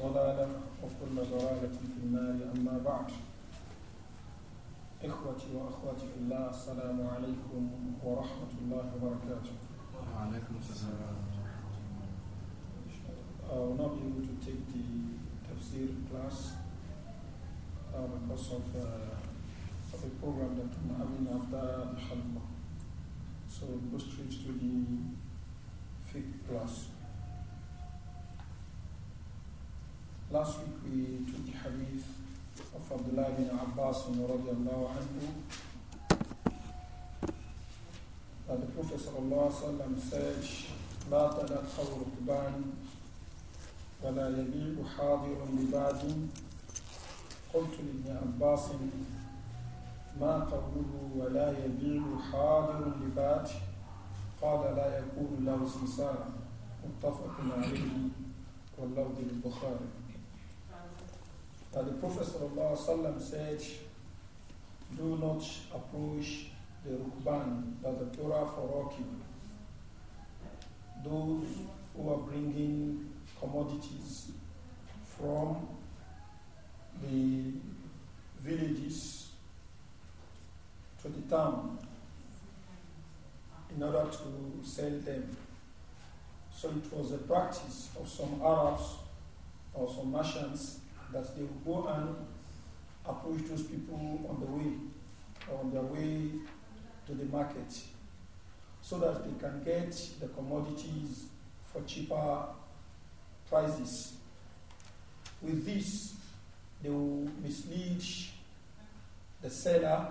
ضلالة وكل ضلالة في النار أما بعد إخوتي وأخواتي في الله السلام عليكم ورحمة الله وبركاته وعليكم السلام I will not be able to take the tafsir class uh, because of, uh, of a program that I'm having after the Halma. So we'll go straight to the fifth class. Last week we took the hadith of Abdullah bin Abbas radiallahu anhu that the Prophet sallallahu said, لا تلقوا ركبان ولا يبيع حاضر لباد قلت لابن عباس ما قوله ولا يبيع حاضر لباد قال لا يكون له سمسار متفق عليه واللفظ للبخاري that the Prophet said, Do not approach the Rukban, that the Torah for rocking. Those who are bringing commodities from the villages to the town in order to sell them. So it was a practice of some Arabs or some merchants that they will go and approach those people on the way, on their way to the market, so that they can get the commodities for cheaper prices. With this, they will mislead the seller.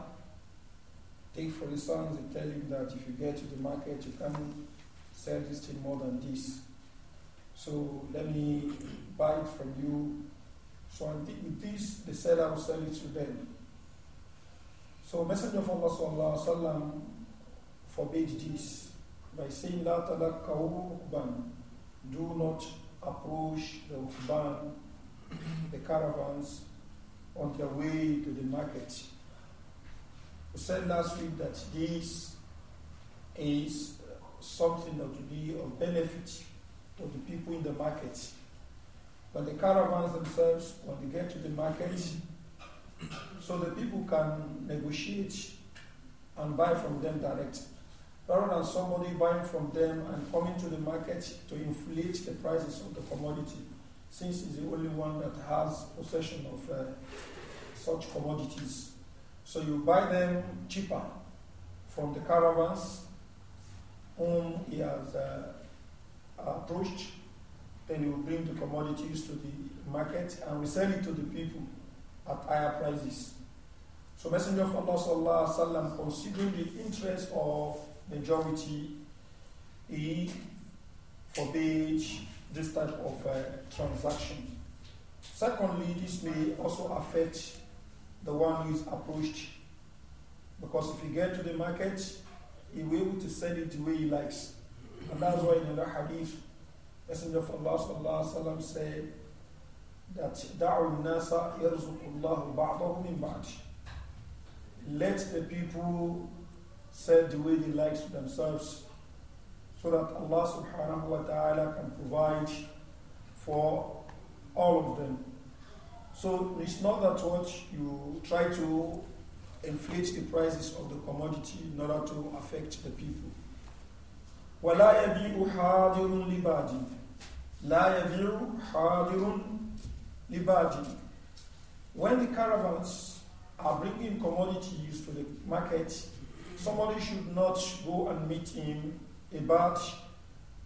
Take, for instance, they tell him that if you get to the market, you can sell this thing more than this. So let me buy it from you so with this, the seller will sell it to them. So Messenger of Allah sallallahu alaihi wasallam forbade this by saying, that talakau do not approach the Uqban, the caravans, on their way to the market." We said last week that this is something that will be of benefit to the people in the market but the caravans themselves, when they get to the market, so the people can negotiate and buy from them directly. Rather than somebody buying from them and coming to the market to inflate the prices of the commodity, since it's the only one that has possession of uh, such commodities. So you buy them cheaper from the caravans whom he has uh, approached then will bring the commodities to the market and we sell it to the people at higher prices. So Messenger of Allah sallallahu considering the interest of majority, he forbade this type of uh, transaction. Secondly, this may also affect the one who is approached because if he get to the market, he will be able to sell it the way he likes. And that's why in the hadith, Messenger of Allah sallallahu alaihi wasallam said that da'u nasa yarzuqullahu ba'dahu min ba'd. Let the people set the way they like to themselves so that Allah subhanahu wa ta'ala can provide for all of them. So it's not that what you try to inflate the prices of the commodity in order to affect the people. وَلَا يَبِيعُ حَاضِرٌ لِبَادٍ لا يبيع حاضر when the caravans are bringing commodities to the market somebody should not go and meet him a bad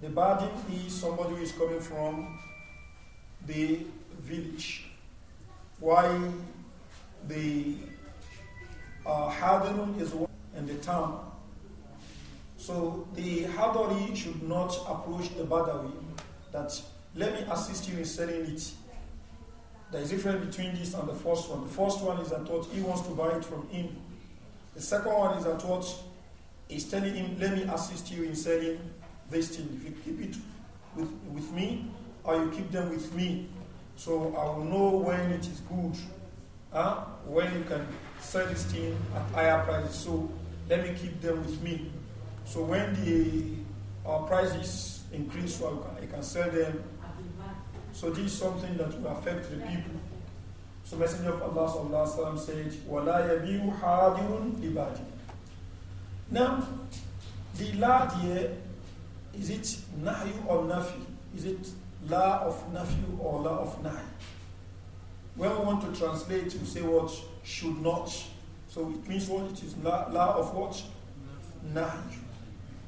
the badi is somebody who is coming from the village why the uh, is in the town so the Hadori should not approach the badawi that let me assist you in selling it. There is a difference between this and the first one. The first one is that what he wants to buy it from him. The second one is that he's telling him, let me assist you in selling this thing. If you keep it with, with me, or you keep them with me, so I will know when it is good, huh? when you can sell this thing at higher prices. So let me keep them with me. So when the uh, prices increase, so I can, I can sell them so this is something that will affect the people. So Messenger of Allah sallallahu alaihi wa said, "Wala yabiu hadirun libadi." Now, the la here, is it nahyu or nafi? Is it la of nafi or la of nahi? When we want to translate, we say what should not. So it means what it is la, la of what nahi,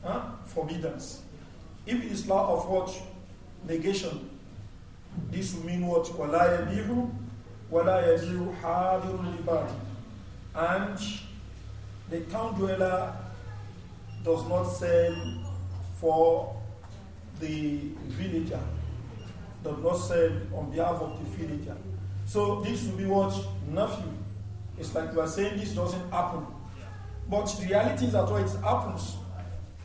huh? forbiddance. If it is la of what negation, this will mean what? وَلَا يَبِيعُ وَلَا يَبِيعُ the لِبَعْدِ And the town dweller does not sell for the villager, does not sell on behalf of the villager. So this will be what? Nothing. It's like you are saying this doesn't happen. But the reality is that what it happens,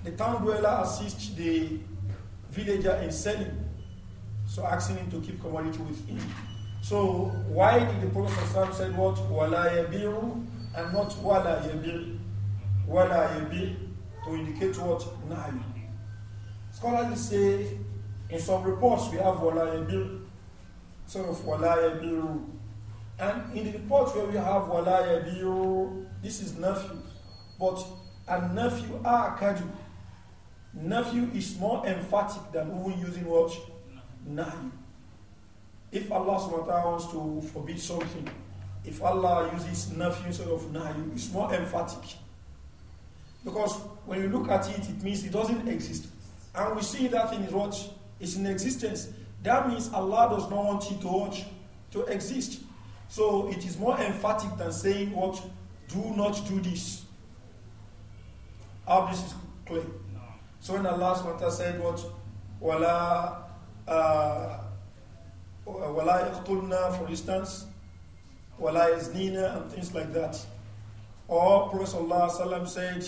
the town dweller assists the villager in selling. So asking him to keep commodity with him. So why did the Prophet say what? Wala yabiru and not wala yabir. Wala yabir to indicate what? Nahi. Scholars say in some reports we have wala yabir, sort of wala yabiru. And in the report where we have wala yabiru, this is nephew. But a nephew akadu. Nephew is more emphatic than even using what? nahi. If Allah SWT wants to forbid something, if Allah uses nafi instead of nahi, it's more emphatic. Because when you look at it, it means it doesn't exist. And we see that thing is It's in existence. That means Allah does not want it to, watch, to exist. So it is more emphatic than saying what? Do not do this. How this is clear. So when Allah SWT said what? Wala وَلَا uh, يَقْتُلْنَا, for instance, is يَزْنِينَا, and things like that. Or Prophet ﷺ said,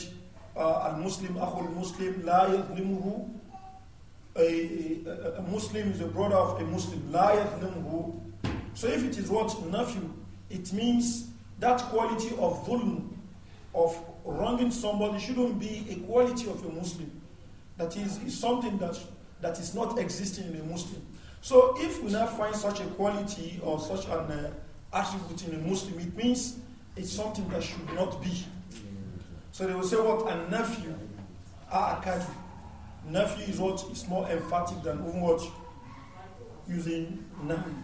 uh, Al-Muslim, Akhul Muslim, لَا يَظْلِمُهُ a, a, Muslim is a brother of a Muslim. La yadlimhu. So if it is what nephew, it means that quality of dhulm, of wronging somebody, shouldn't be a quality of a Muslim. That is, is something that that is not existing in a Muslim. So if we now find such a quality or such an uh, attribute in a Muslim, it means it's something that should not be. So they will say what a nephew, akadu. Ah, nephew is what is more emphatic than um what using nahi.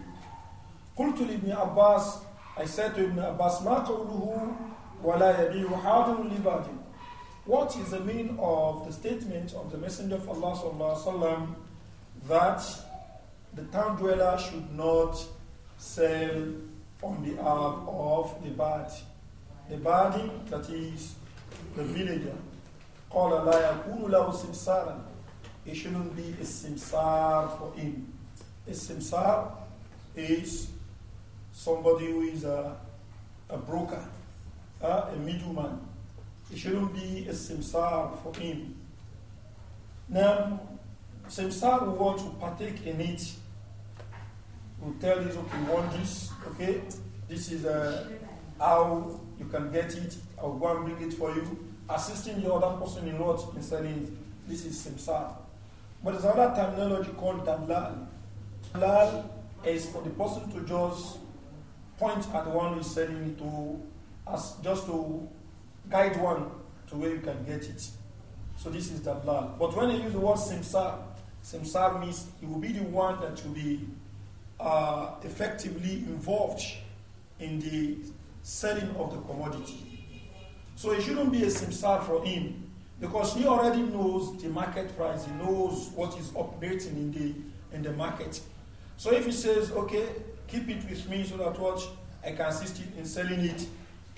قلت لابن عباس I said to Ibn Abbas ما قوله ولا يبيع حاضر لبادل what is the meaning of the statement of the Messenger of Allah وسلم, that the town dweller should not sell on behalf of the bad? The body that is the villager. قال لا يكون له سمسارا It shouldn't be a simsar for him. A simsar is somebody who is a, a broker, uh, a middleman. It shouldn't be a simsar for him. Now, simsar will want to partake in it. Will tell this, okay, want this, okay, this is uh, how you can get it, I'll go and bring it for you. Assisting the other person in what? In selling This is simsar. But there's another terminology called dalal. Dalal is for the person to just point at the one who's selling it to, as just to guide one to where you can get it. So this is the plan. But when I use the word simsar, simsar means he will be the one that will be uh, effectively involved in the selling of the commodity. So it shouldn't be a simsar for him because he already knows the market price. He knows what is operating in the in the market. So if he says, "Okay, keep it with me so that what I can assist in selling it,"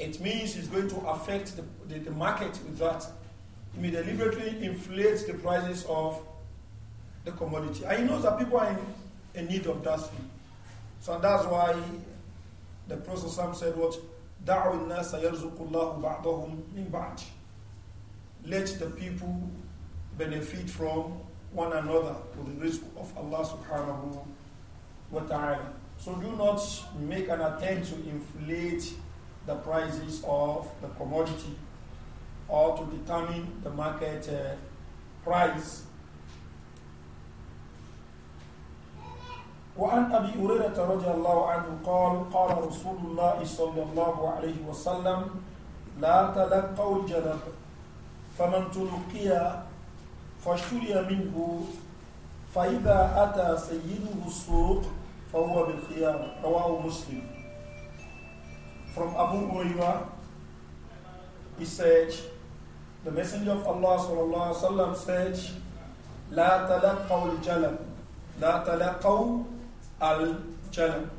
It means it's going to affect the, the, the market with that. It may deliberately inflate the prices of the commodity. And he knows that people are in, in need of that thing. So that's why the Prophet said, What? Let the people benefit from one another with the risk of Allah subhanahu wa ta'ala. So do not make an attempt to inflate the prices of the commodity or to determine the market uh, price. وعن أبي هريرة رضي الله عنه قال قال رسول الله صلى الله عليه وسلم لا تلقوا الجلب فمن تلقي فاشتري منه فإذا أتى سيده السوق فهو بالخيار رواه مسلم from Abu Uriwa, he said, the Messenger of Allah sallallahu alaihi wasallam said, لا تلقوا الجلم لا تلقوا الجلم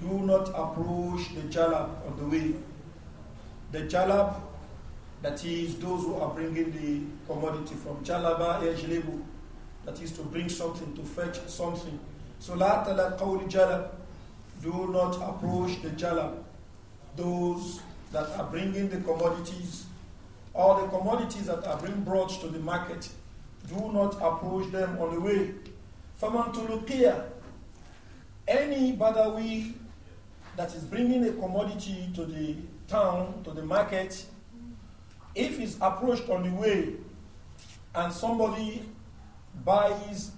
Do not approach the jalab on the way. The jalab, that is those who are bringing the commodity from jalaba yajlibu, that is to bring something, to fetch something. So لا تلقوا jalab, Do not approach the jalab those that are bringing the commodities or the commodities that are being brought to the market. Do not approach them on the way. For تُلُقِيَ Any Badawi that is bringing a commodity to the town, to the market, if it's approached on the way and somebody buys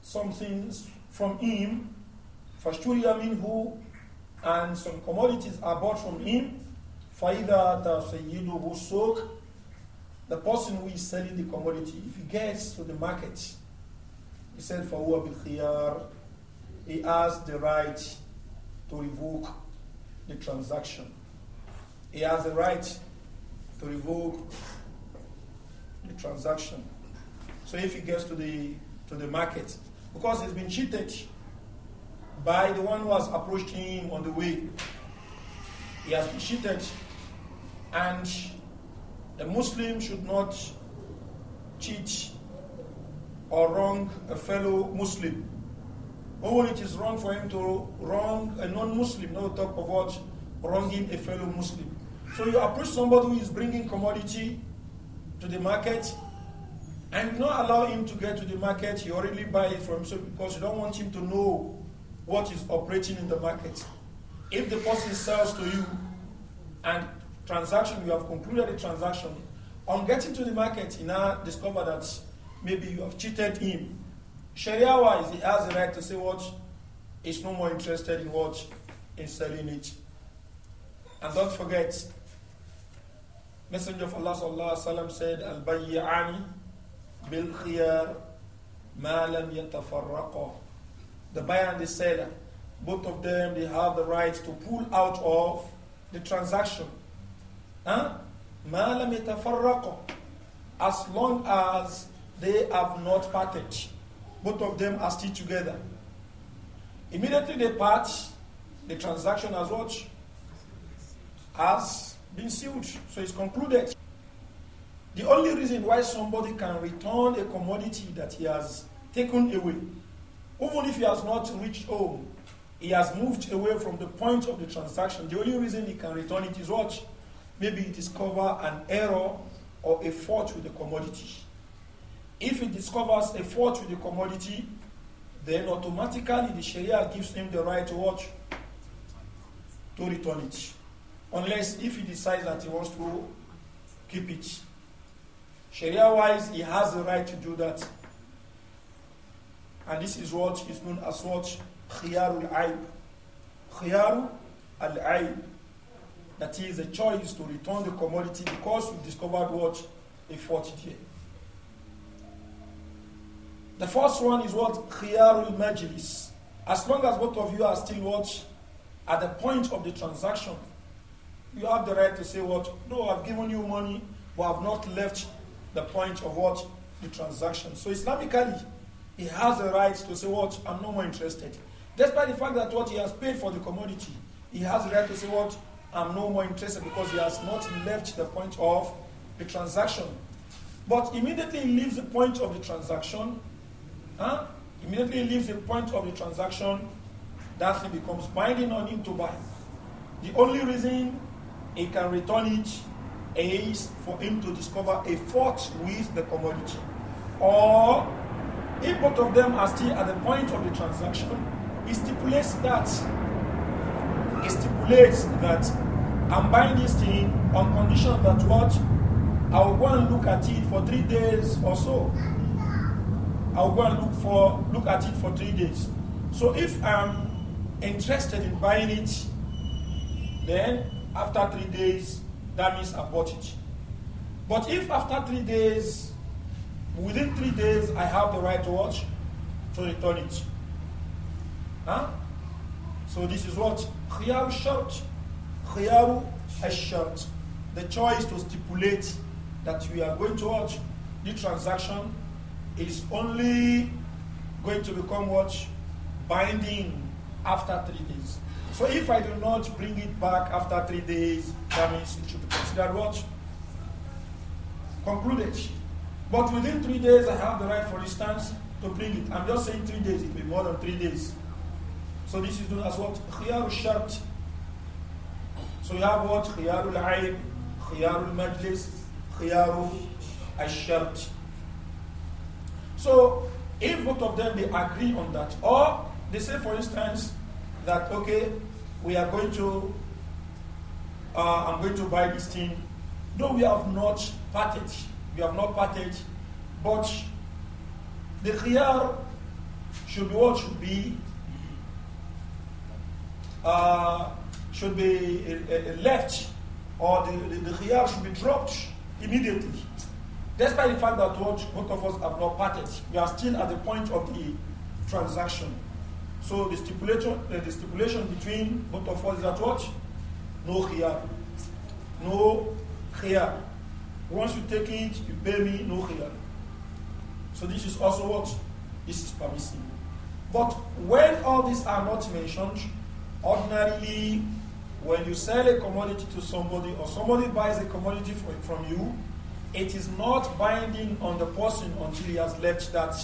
something from him, فَاشْتُرِيَ who and some commodities are bought from him. فَإِذَا تَسَيِّدُهُ السُّوقُ The person who is selling the commodity, if he gets to the market, he said, فَهُوَ بِالْخِيَارِ He has the right to revoke the transaction. He has the right to revoke the transaction. So if he gets to the to the market, because he's been cheated, by the one who has approached him on the way. He has been cheated. And a Muslim should not cheat or wrong a fellow Muslim. Oh, it is wrong for him to wrong a non Muslim, no talk about wronging a fellow Muslim. So you approach somebody who is bringing commodity to the market and not allow him to get to the market. You already buy it from him so because you don't want him to know what is operating in the market. If the person sells to you and transaction, you have concluded the transaction, on getting to the market, you now discover that maybe you have cheated him. Sharia wise, he has the right to say what is no more interested in what in selling it. And don't forget, Messenger of Allah sallallahu alaihi wasallam said, "Al bayyani bil khiyar ma lam yatafarraqa." the buyer and the seller, both of them, they have the right to pull out of the transaction. Huh? As long as they have not parted, both of them are still together. Immediately they part, the transaction has what? Has been sealed. So it's concluded. The only reason why somebody can return a commodity that he has taken away even if he has not reached home, he has moved away from the point of the transaction. The only reason he can return it is what? Maybe he discover an error or a fault with the commodity. If he discovers a fault with the commodity, then automatically the Sharia gives him the right to what? To return it. Unless if he decides that he wants to keep it. Sharia wise, he has the right to do that. And this is what is known as what? Khiyarul Aib. Khiyarul Al Aib. That is a choice to return the commodity because we discovered what? A faulty here. The first one is what? Khiyarul Majlis. As long as both of you are still what? At the point of the transaction, you have the right to say what? No, I've given you money, but I've not left the point of what? The transaction. So Islamically, he has the right to say, What? I'm no more interested. Despite the fact that what he has paid for the commodity, he has the right to say, What? I'm no more interested because he has not left the point of the transaction. But immediately he leaves the point of the transaction. Huh? Immediately he leaves the point of the transaction. That thing becomes binding on him to buy. The only reason he can return it is for him to discover a fault with the commodity or if both of them are still at the point of the transaction, it stipulates that it stipulates that I'm buying this thing on condition that what I'll go and look at it for three days or so. I'll go and look for look at it for three days. So if I'm interested in buying it, then after three days, that means I bought it. But if after three days within three days, I have the right to watch, to return it. Huh? So this is what? shot. shart. has shart. The choice to stipulate that we are going to watch the transaction is only going to become what? Binding after three days. So if I do not bring it back after three days, that means it should be considered what? Concluded. But within three days, I have the right, for instance, to bring it. I'm just saying three days, it may be more than three days. So this is known as what? Khiyarul Shart. So you have what? Khiyarul aib, Khiyarul Majlis, Khiyarul Ashart. So if both of them they agree on that, or they say, for instance, that okay, we are going to, uh, I'm going to buy this thing, No, we have not parted we have not parted. But the khiyar should be what should be uh, should be uh, left or the, the, the khiyar should be dropped immediately. Despite the fact that what both of us have not parted, we are still at the point of the transaction. So the stipulation, uh, the stipulation between both of us is that what? No khiyar. No khiyar. Once you take it, you pay me no khilaf. So this is also what? This is permitting. But when all these are not mentioned, ordinarily, when you sell a commodity to somebody or somebody buys a commodity from you, it is not binding on the person until he has left that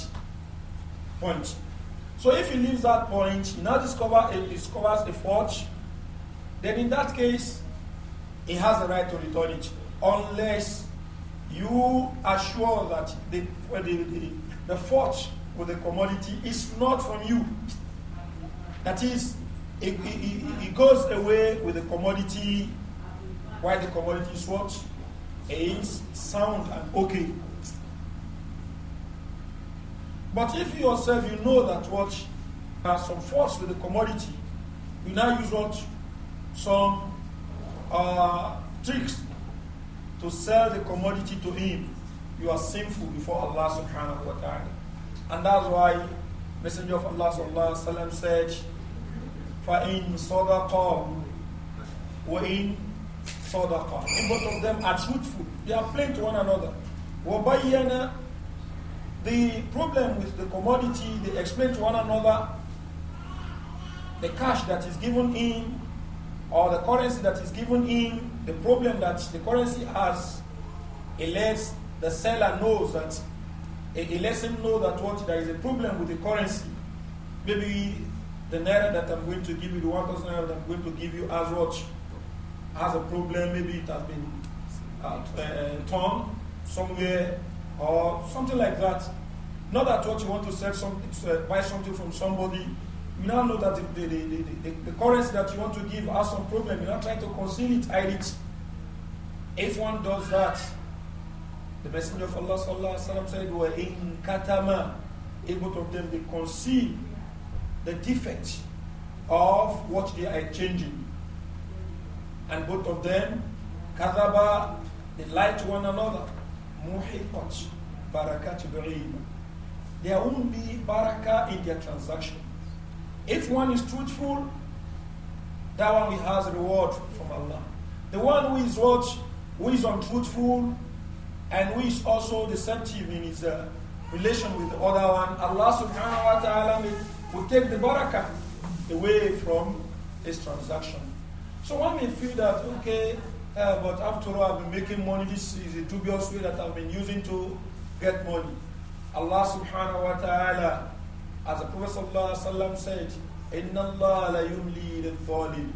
point. So if he leaves that point, he now discover, he discovers a forge, then in that case, he has the right to return it unless you are sure that the, the, the, the fault with the commodity is not from you. That is, it, it, it, goes away with the commodity while the commodity is what? Is sound and okay. But if yourself you know that what has some faults with the commodity, you now use what some uh, tricks to sell the commodity to him, you are sinful before Allah subhanahu wa ta'ala. And that's why Messenger of Allah sallallahu alayhi wa sallam said, فَإِن صَدَقَا وَإِن صَدَقَا In both of them are truthful. They are plain to one another. وَبَيَّنَا The problem with the commodity, they explain to one another the cash that is given in or the currency that is given in the problem that the currency has, unless the seller knows that, it lets him know that what there is a problem with the currency. Maybe the naira that I'm going to give you, the 1,000 naira that I'm going to give you as what has a problem. Maybe it has been uh, uh, torn somewhere or something like that. Not that what you want to sell uh, buy something from somebody you now know that the, the, the, the, currency that you want to give has some problem. You're not trying to conceal it, hide it. If one does that, the Messenger of Allah وسلم, said, were in katama. able both of them, they conceal the defect of what they are exchanging. And both of them, kathaba, they lie to one another. Muhiqat, barakat There won't be barakah in their transaction. If one is truthful, that one will has reward from Allah. The one who is what, who is untruthful, and who is also deceptive in his uh, relation with the other one, Allah subhanahu wa ta'ala will take the barakah away from his transaction. So one may feel that, okay, uh, but after all, I've been making money. This is a dubious way that I've been using to get money. Allah subhanahu wa ta'ala as the Prophet ﷺ said, Inna Allah la yumli thalib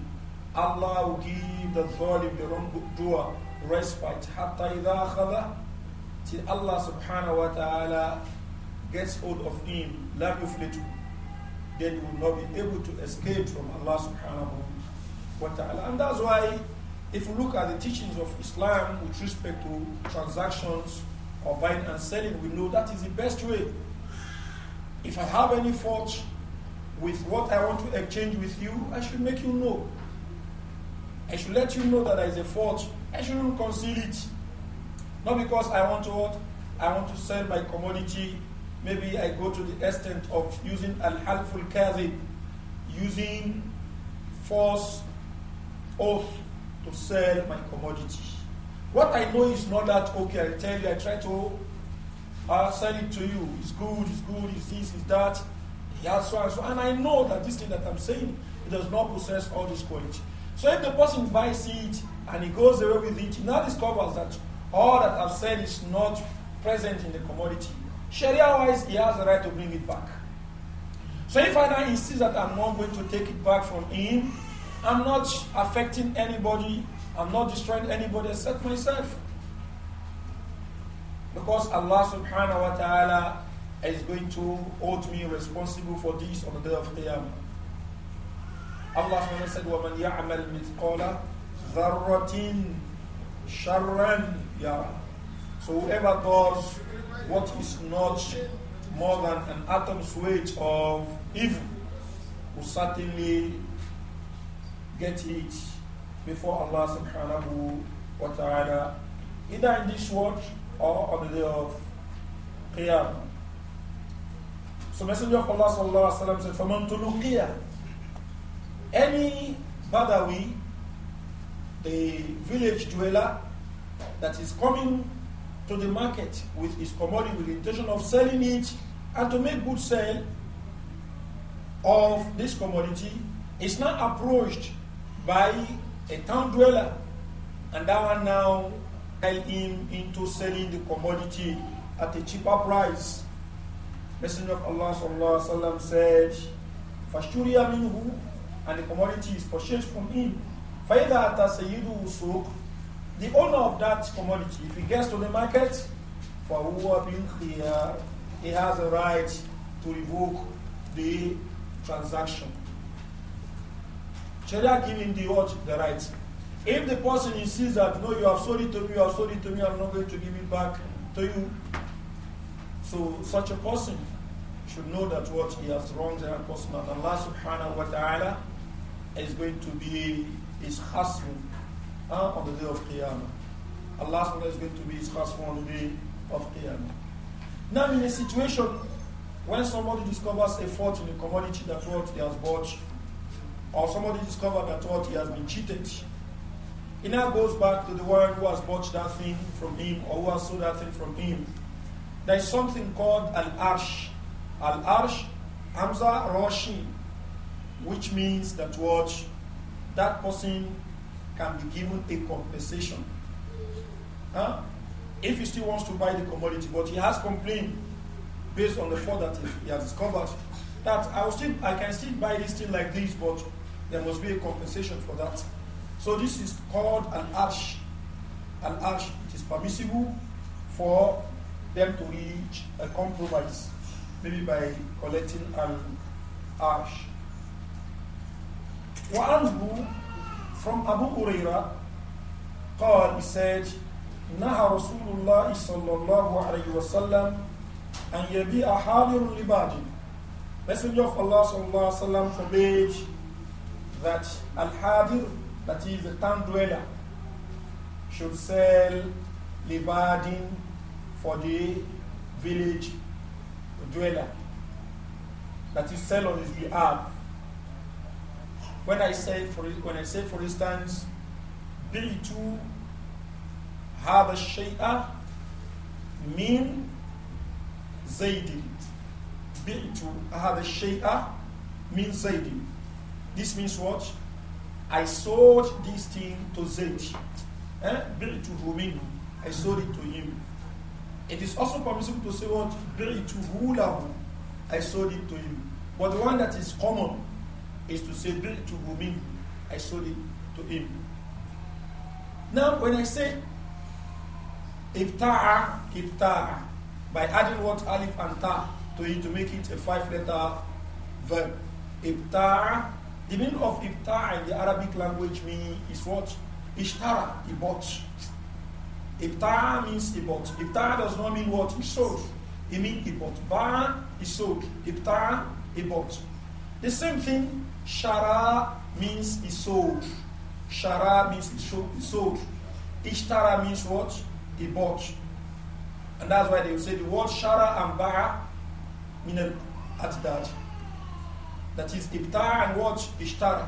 Allah will give the zalim the wrongdoer respite. Hatta idha khada, till Allah subhanahu wa ta'ala gets hold of him, lam yuflitu. Then he will not be able to escape from Allah subhanahu wa ta'ala. And that's why if you look at the teachings of Islam with respect to transactions of buying and selling, we know that is the best way if I have any fault with what I want to exchange with you, I should make you know. I should let you know that there is a fault. I shouldn't conceal it. Not because I want to what? I want to sell my commodity. Maybe I go to the extent of using al halful kadhib, using false oath to sell my commodity. What I know is not that okay. I tell you, I try to I sell it to you. It's good, it's good, it's this, it's that. has so and so. And I know that this thing that I'm saying, it does not possess all this quality. So if the person buys it and he goes away with it, he now discovers that all that I've said is not present in the commodity. Sharia-wise, he has the right to bring it back. So if I now insist that I'm not going to take it back from him, I'm not affecting anybody, I'm not destroying anybody except myself. Because Allah subhanahu wa ta'ala is going to hold me responsible for this on the day of Qiyamah. Allah subhanahu wa ta'ala said, وَمَنْ يَعْمَلْ مِثْقَالَ ذَرَّةٍ شَرًّا يَرَى So whoever does what is not more than an atom's weight of evil will certainly get it before Allah subhanahu wa ta'ala, either in this world or on the day of Qiyam, So Messenger of Allah sallallahu alaihi wasallam said, "Faman tuluqiya." Any Badawi, the village dweller, that is coming to the market with his commodity with the intention of selling it and to make good sale of this commodity, is not approached by a town dweller, and that one now tell him into selling the commodity at a cheaper price. Messenger of Allah sallallahu alaihi wasallam said, "Fashuriya minhu," and the commodity is purchased from him. Faida atasayidu usuk, the owner of that commodity, if he gets to the market, fahuwa bin khiyar, he has a right to revoke the transaction. Sharia giving the what the right. If the person insists that, no, you have sold it to me, you have sold it to me, I'm not going to give it back to you. So such a person should know that what he has wronged that person, that Allah subhanahu wa ta'ala is going to be his husband uh, on the day of Qiyamah. Allah subhanahu wa ta'ala is going to be his husband on the day of Qiyamah. Now in a situation when somebody discovers a fault in a commodity that what he has bought, or somebody discovers that what he has been cheated, he now goes back to the one who has bought that thing from him or who has sold that thing from him. There is something called al arsh. Al arsh, Hamza roshin, which means that what that person can be given a compensation. Huh? If he still wants to buy the commodity, but he has complained based on the fact that he, he has discovered that I, still, I can still buy this thing like this, but there must be a compensation for that. So this is called an ash. An ash, it is permissible for them to reach a compromise, maybe by collecting an ash. وعنه from Abu Huraira قال he said نهى رسول الله صلى الله عليه وسلم أن يبيع حاضر لبادل Messenger of Allah صلى الله عليه وسلم forbade that al-hadir that is the town dweller, should sell Levadin for the village dweller that he sell on his behalf. When I say for when I say for instance, bitu هذا الشيء من زيد بعت هذا الشيء من زيد This means what? I sold this thing to Zaid. Eh? to Romino. I sold it to him. It is also permissible to say what to Hulahu. I sold it to him. But the one that is common is to say to Romino. I sold it to him. Now when I say Ibta'a, Ibta'a, by adding what alif and ta to it to make it a five letter verb. Ibta'a the meaning of ibta in the Arabic language means is what? Ishtara, he bought. Ibta means he bought. Ibta does not mean what? He sold. It means he bought. Ba, he sold. Ibta, he bought. The same thing, shara means he sold. Shara means he sold. Ishtara means what? He bought. And that's why they say the word shara and Ba mean at that. That is ibta and what? Ishtara.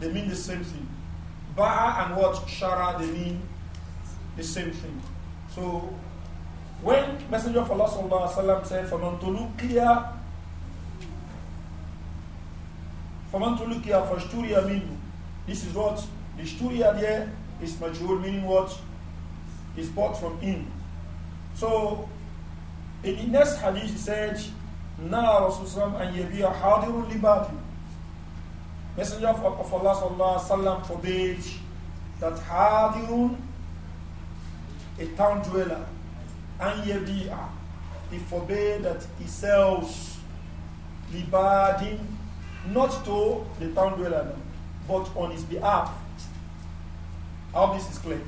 They mean the same thing. Ba'a and what? Shara, they mean the same thing. So when Messenger of Allah sallallahu alaihi wasallam said, "Faman tulukiya, faman for shturiya minhu," this is what the shturiya there is majhul, meaning what is bought from him. So in the next hadith he said, now, Rasulullah and Yabiya Hadirun Libadi. Messenger of, of Allah sallallahu sallam forbade that Hadirun, a town dweller, and Yabiya, he forbade that he sells Libadin not to the town dweller, but on his behalf. How this is clear.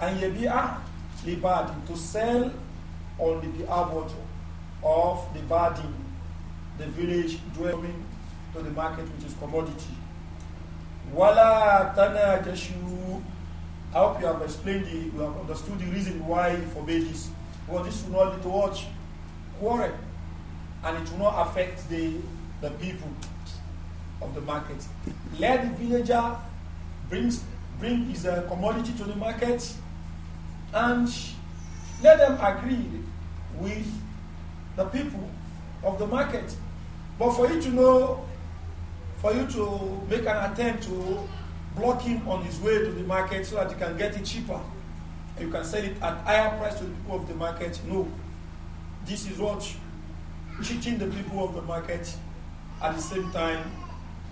And yebia Libadin, to sell on the behalf of of the the village dwelling to the market, which is commodity. Wala tana I hope you have explained the, you have understood the reason why he forbade this. Because this will not lead to what? Quarrel. And it will not affect the, the people of the market. Let the villager brings, bring his uh, commodity to the market and let them agree with the people of the market. But for you to know, for you to make an attempt to block him on his way to the market so that you can get it cheaper, you can sell it at higher price to the people of the market. No. This is what cheating the people of the market. At the same time,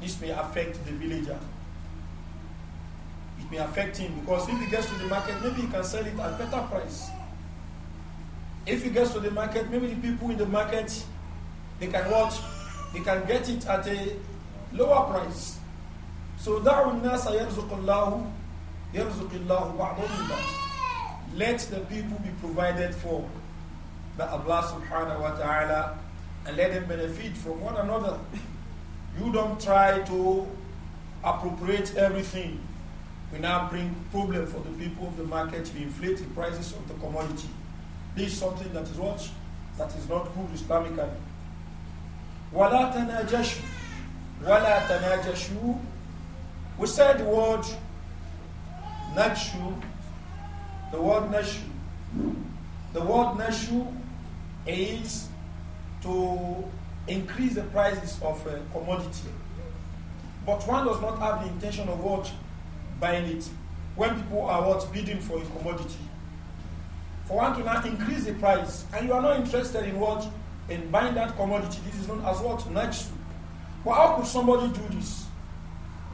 this may affect the villager. It may affect him because if he gets to the market, maybe he can sell it at better price. If it gets to the market, maybe the people in the market, they can watch, they can get it at a lower price. So دعوا الناس يرزق الله Let the people be provided for by Allah subhanahu wa ta'ala and let them benefit from one another. You don't try to appropriate everything. We now bring problem for the people of the market. We inflate the prices of the commodity. This is something that is what? That is not good Islamically. وَلَا تَنَاجَشُوا وَلَا تَنَاجَشُوا We said the word nashu, the word nashu. The word nashu is to increase the prices of a uh, commodity. But one does not have the intention of what? Buying it. When people are what? Bidding for a commodity for one to now increase the price, and you are not interested in what? In buying that commodity. This is known as what? soup. But how could somebody do this?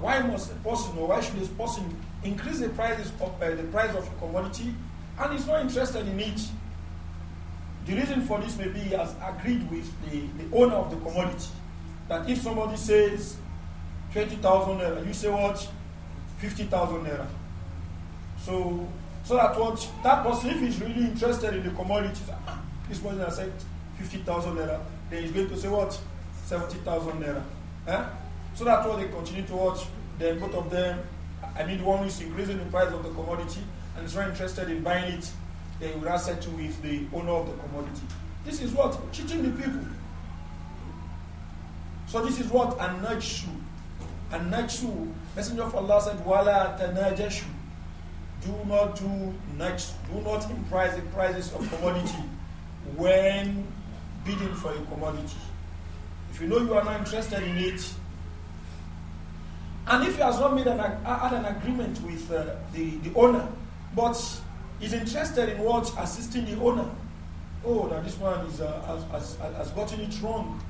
Why must a person or why should this person increase the prices of uh, the price of a commodity and is not interested in it? The reason for this may be he has agreed with the, the owner of the commodity that if somebody says 20,000 naira, you say what? 50,000 naira. So so that what that person, if he's really interested in the commodities, ah, this person has said 50,000 naira, then he's going to say what? 70,000 naira. Eh? So that's what they continue to watch. Then both of them, I mean, one is increasing the price of the commodity and is very interested in buying it, they will to with the owner of the commodity. This is what? Cheating the people. So this is what? An-najshu. An-najshu. Messenger of Allah said, وَلَا تَنَاجَشُوا do not do next, do not imprise the prices of commodity when bidding for a commodity. If you know you are not interested in it, and if he has not made an, had an agreement with uh, the, the owner, but is interested in what assisting the owner, oh, that this one is, uh, has, has, has gotten it wrong.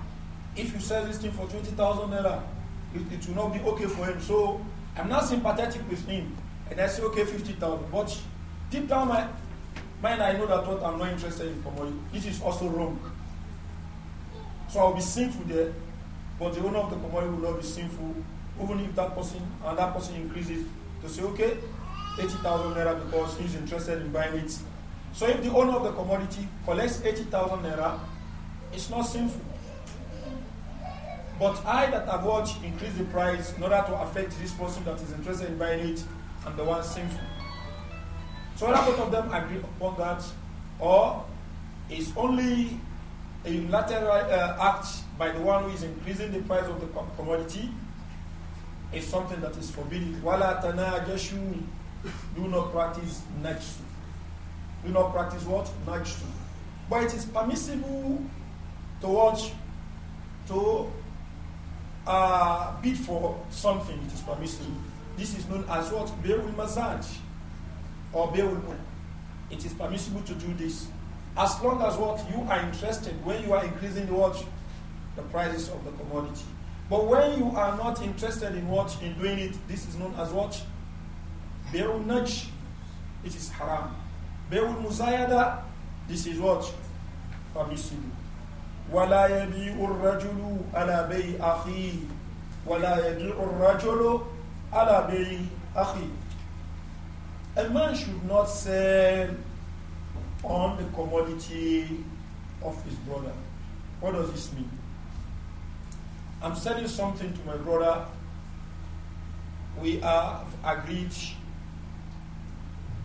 If you sell this thing for 20,000 naira, it, it will not be okay for him. So I'm not sympathetic with him. And I say, okay, 50,000. But deep down my mind, I know that what I'm not interested in commodity. This is also wrong. So I'll be sinful there, but the owner of the commodity will not be sinful, even if that person and that person increases to say, okay, 80,000 naira because he's interested in buying it. So if the owner of the commodity collects 80,000 naira, it's not sinful. But I that have watched increase the price in order to affect this person that is interested in buying it, and the one sinful. So whether both of them agree upon that, or it's only a unilateral uh, act by the one who is increasing the price of the commodity, is something that is forbidden. Wala tanajashu, do not practice next. Do not practice what? next? But it is permissible to watch, to uh, bid for something, it is permissible. This is known as what? Be'ul massage or Be'ul It is permissible to do this as long as what you are interested when you are increasing what the prices of the commodity. But when you are not interested in what in doing it, this is known as what Be'ul Naj. It is haram. Be'ul Muzayada, this is what permissible. ولا يبيع الرجل على بيع أخيه ولا يبيع الرجل ala bi A man should not sell on the commodity of his brother. What does this mean? I'm selling something to my brother. We have agreed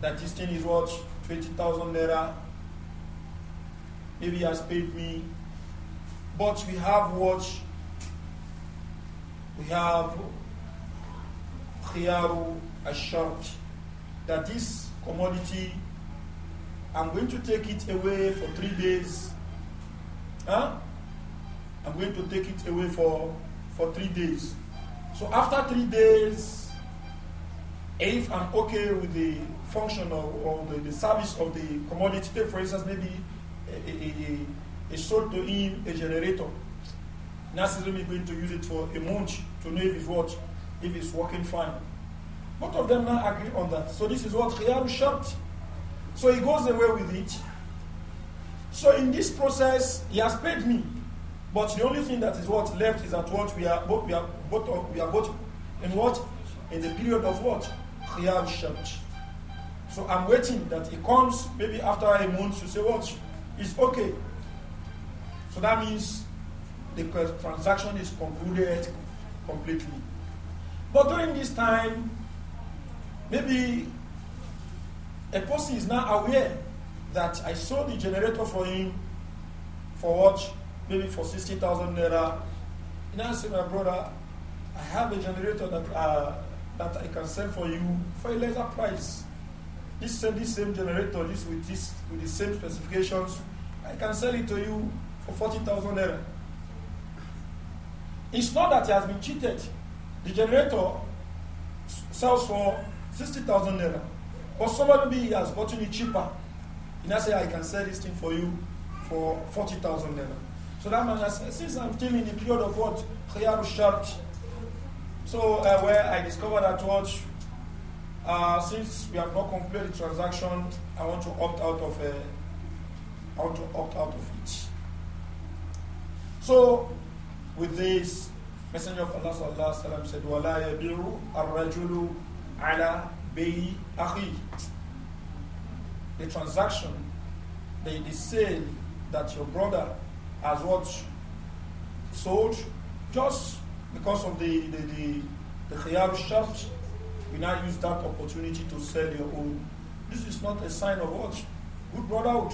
that this thing is worth 20,000 naira. Maybe he has paid me. But we have watch. We have khiyaru ashart that this commodity I'm going to take it away for three days. Huh? I'm going to take it away for for three days. So after three days, if I'm okay with the function of, or the, the service of the commodity, take for instance, maybe a, a, a, a sold to him a generator. Now, is going to use it for a month to know if it's what if it's working fine. Both of them now agree on that. So this is what Khiyar shot. So he goes away with it. So in this process, he has paid me. But the only thing that is what left is at what we are both we are both we are both in what? In the period of what? Khiyar shot. So I'm waiting that he comes maybe after a month to say what? It's okay. So that means the transaction is concluded completely. But during this time, maybe a person is now aware that I sold the generator for him for what? Maybe for 60,000 naira. And I said, my brother, I have a generator that, uh, that I can sell for you for a lesser price. This same, this same generator, this with this with the same specifications, I can sell it to you for 40,000 naira. It's not that he has been cheated. The generator sells for 60,000 naira. But somebody has gotten it cheaper. And I say, I can sell this thing for you for 40,000 naira. So that man since I'm still in the period of what? Khiyaru Shart. So uh, where I discovered that what, uh, since we have not completed the transaction, I want to opt out of uh, I want to opt out of it. So with this, Messenger of Allah sallallahu alaihi wasallam said, "Wala yabiru ar-rajulu ala bayi The transaction, the, the sale that your brother has what sold, just because of the the the, the khiyar shart, you now use that opportunity to sell your own. This is not a sign of what good brotherhood.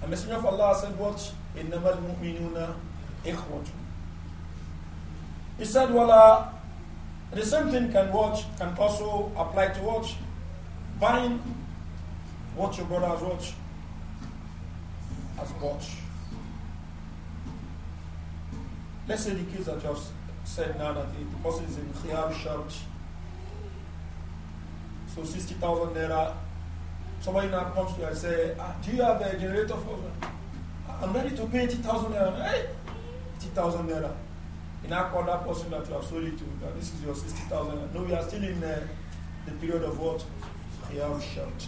The Messenger of Allah said, "What innamal mu'minuna ikhwatu." He said, well, uh, the same thing can watch can also apply to watch buying what your brother has watched has bought. Let's say the kids that you have said now that the person is in khiyar shirt. So 60,000 naira. Somebody now comes to you and say, ah, do you have a generator for me? I'm ready to pay 80,000 naira. Hey, 80,000 naira. In now call that person that you have sold it to, that this is your 60,000. No, we are still in uh, the period of what? Khiyam shout.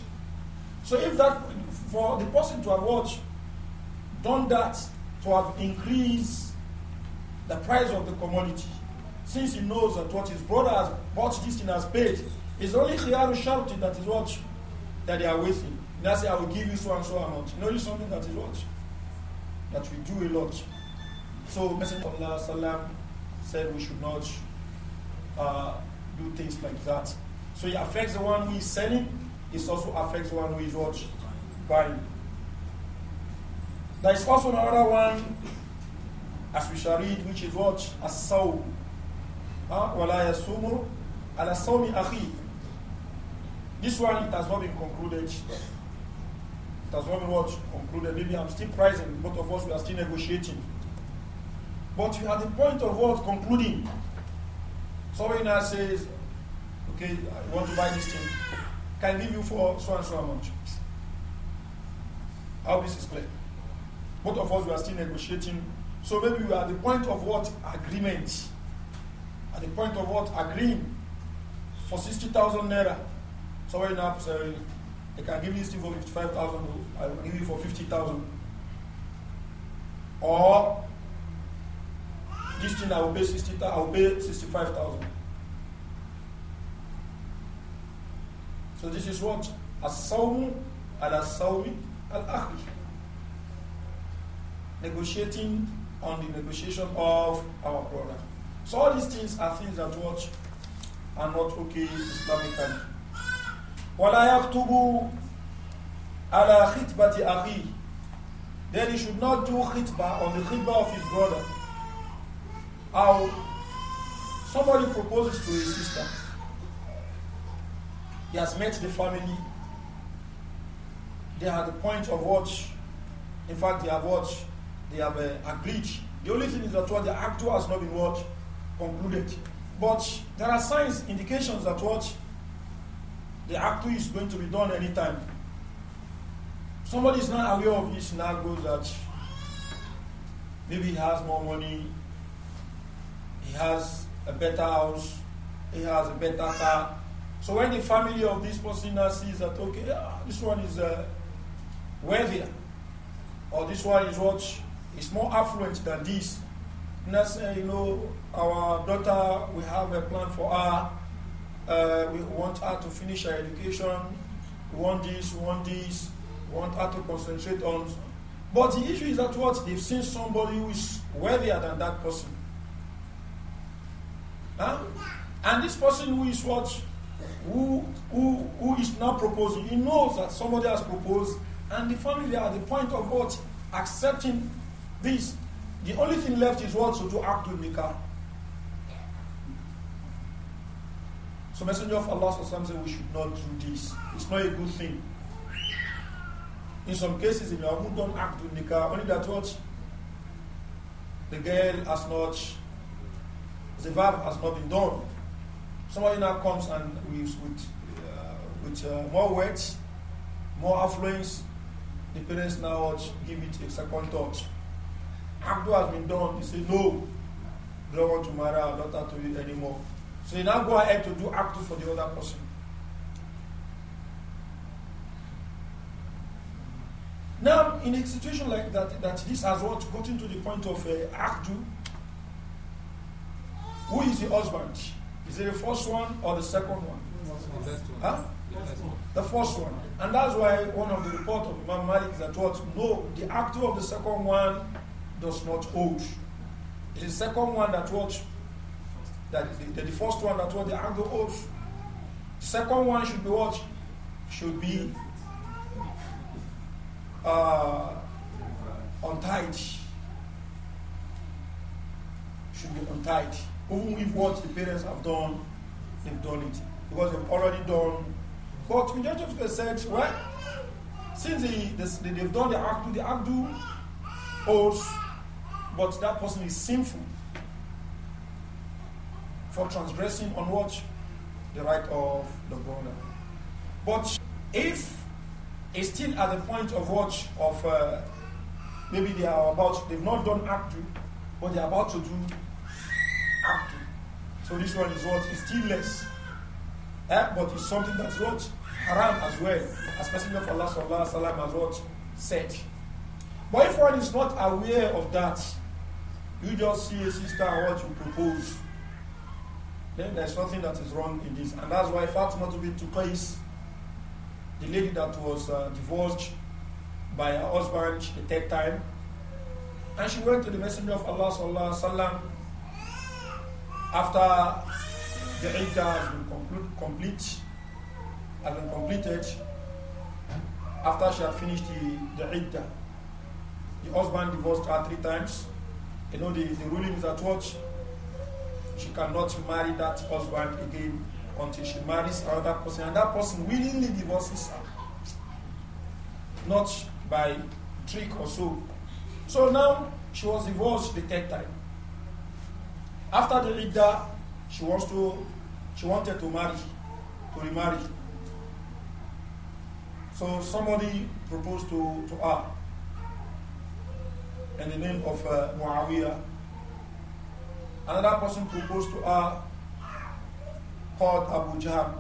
So if that, for the person to have what? Done that, to have increased the price of the commodity, since he knows that what his brother has bought this thing has paid, it's only khiyam shout that is what? That they are wasting. That's I will give you so and so amount. You know, something that is what? That we do a lot. So Messenger of Allah said we should not uh, do things like that. So it affects the one who is selling, it also affects the one who is what? Buying. There is also another one, as we shall read, which is what? As-sawm. وَلَا ah, يَسُومُ This one, it has not been concluded. It has not been what? Concluded. Maybe I'm still pricing. Both of us, we are still negotiating. But you are at the point of what? Concluding. Somebody now says, okay, I want to buy this thing. Can I give you for so and so amount? How this is clear. Both of us, we are still negotiating. So maybe we are at the point of what? Agreement. At the point of what? Agreeing. For 60,000 naira. Somebody now says, I can give you this thing for 55,000, I will give you for 50,000. Or this thing I will pay sixty thousand. I will pay 65,000. So this is what? As-sawmu al-sawmi al akhir Negotiating on the negotiation of our brother. So all these things are things that what are not okay Islamically. وَلَا يَكْتُبُ عَلَى خِطْبَةِ أَخِيهِ Then he should not do khitbah on the khitbah of his brother. How somebody proposes to his sister. He has met the family. They are the point of watch. In fact, they have watched. They have uh, agreed. The only thing is that what the act has not been what concluded. But there are signs, indications that what the act is going to be done anytime. Somebody is not aware of this now goes that maybe he has more money he has a better house, he has a better car. So when the family of this person now sees that, okay, ah, this one is uh, wealthier, or this one is what is more affluent than this, now say, you know, our daughter, we have a plan for her. Uh, we want her to finish her education. We want this, we want this, we want her to concentrate on. But the issue is that what they've seen somebody who is wealthier than that person. Huh? And this person who is what? Who, who, who is now proposing, he knows that somebody has proposed, and the family are at the point of what? Accepting this. The only thing left is what? So to act to nikah. So Messenger of Allah says we should not do this. It's not a good thing. In some cases, if you don't act to nikah, only that what the girl has not the vow has not been done. Somebody now comes and with, with, uh, with uh, more words, more affluence, the parents now give it a second thought. After has been done, they say, no, don't want to marry our daughter to you anymore. So you now go ahead to do actu for the other person. Now, in a situation like that, that this has what got into the point of uh, actu, who is the husband? Is it the first one or the second one? The first one. Huh? The first one. And that's why one of the report of Imam Malik is that what? No, the actor of the second one does not hold. It's the second one that what? That the, the, the first one that what the actor holds. Second one should be what? Should be uh, untied. Should be untied. Even if what the parents have done, they've done it. Because they've already done. But we of the said, well, since they, they, have done the act, the do, or, but that person is sinful for transgressing on what? The right of the brother. But if it's still at the point of what? Of uh, maybe they are about, they've not done act do, but they're about to do so this one is what is still less. Eh? But it's something that's what? Haram as well. As for Allah sallallahu alayhi has what? Said. But if one is not aware of that, you just see a sister what you propose, then there's nothing that is wrong in this. And that's why Fatima to be to Qais, the lady that was uh, divorced by her husband the third time, and she went to the Messenger of Allah sallallahu alayhi after the Iddah has been complete, complete, has been completed, after she had finished the, the Iddah, the husband divorced her three times. You know, the, the ruling is that what? She cannot marry that husband again until she marries another person. And that person willingly divorces her. Not by trick or so. So now she was divorced the third time. After the leader, she wants to, she wanted to marry, to remarry. So somebody proposed to, to her in the name of uh, Muawiyah. Another person proposed to her called Abu Jabr.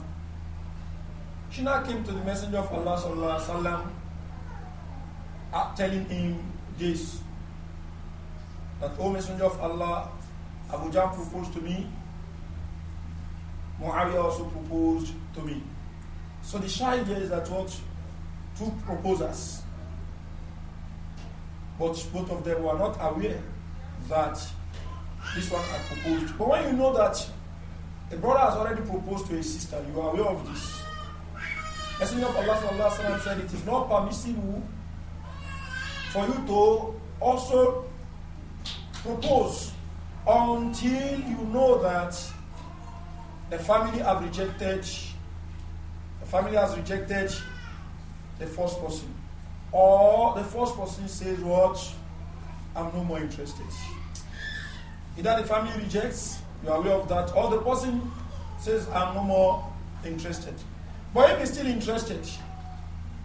She now came to the Messenger of Allah sallallahu alaihi wasallam, uh, telling him this: that O Messenger of Allah, Abu Jah proposed to me. Muawiyah also proposed to me. So the shy idea is that what two proposers, but both of them were not aware that this one had proposed. But when you know that a brother has already proposed to a sister, you are aware of this. Messenger of Allah sallallahu said, "It is not permissible for you to also propose until you know that the family have rejected the family has rejected the first person or the first person says what i'm no more interested either the family rejects you are aware of that or the person says i'm no more interested but if he's still interested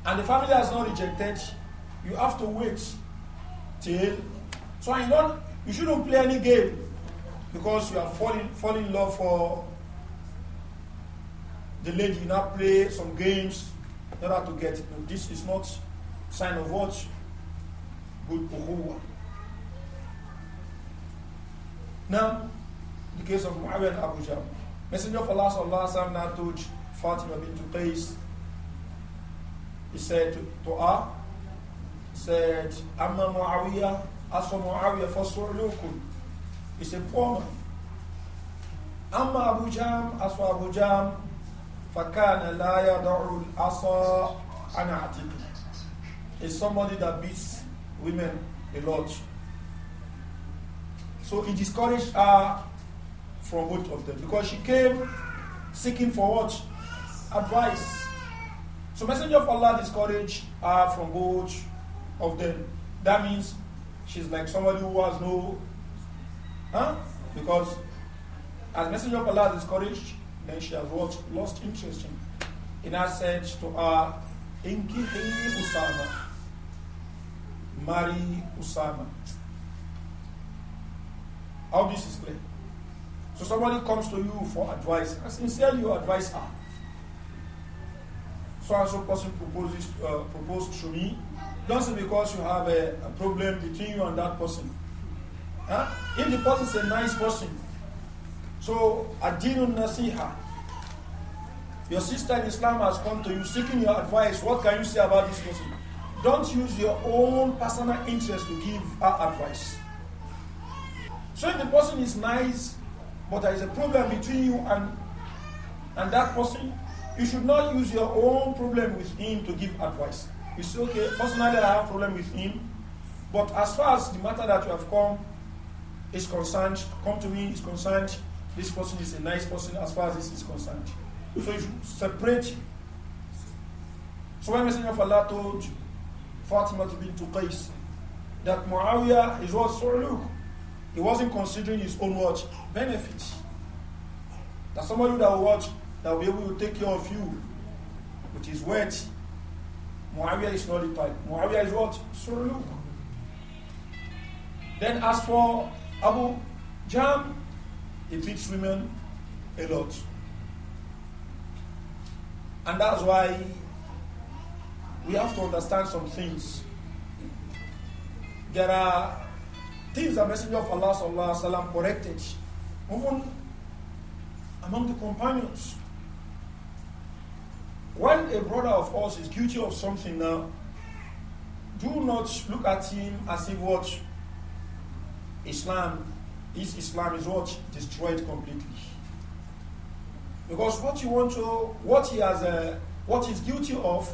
and the family has not rejected you have to wait till so you don't you shouldn't play any game because you are falling, falling in love for the lady, you now play some games in order to get it. No, this is not sign of what? Good uhuwa. Now, the case of Muawiyah and Abu Jam. Messenger of Allah sallallahu alayhi wa now told Fatima bint he said to, to her, said, Amma Muawiyah, as for Muawiyah, فَصُعْلُوكُمْ is a poor man. Abu Jam جام أسوى أبو جام فكان لا يضع الأصى عن is somebody that beats women a lot. So he discouraged her from both of them because she came seeking for what? Advice. So Messenger of Allah discouraged her from both of them. That means she's like somebody who has no Huh? Because as Messenger of Allah discouraged, then she has lost, lost interest in And I said to her, Inkihi Usama, marry Usama. How this is clear. So somebody comes to you for advice, and sincerely you advise her. So and so person proposes uh, proposed to me, not because you have a, a problem between you and that person. Huh? If the person is a nice person, so I didn't see her. Your sister in Islam has come to you seeking your advice. What can you say about this person? Don't use your own personal interest to give her advice. So if the person is nice, but there is a problem between you and and that person, you should not use your own problem with him to give advice. You say, okay, personally I have problem with him, but as far as the matter that you have come, is concerned, come to me is concerned, this person is a nice person as far as this is concerned. So you should separate. So when Messenger of Allah told Fatima to two Qais that Muawiyah is what Su'luk, he wasn't considering his own watch Benefit. That somebody that will watch, that will be able to take care of you which is wet. Muawiyah is not nullified. Muawiyah is what? Suruluk. Then as for Abu Jam, he beats women a lot. And that's why we have to understand some things. There are things the Messenger of Allah sallallahu alaihi wasallam corrected, even among the companions. When a brother of us is guilty of something now, do not look at him as if what Islam, this Islam is what? Destroyed completely. Because what you want to, what he has, a, uh, what he's guilty of,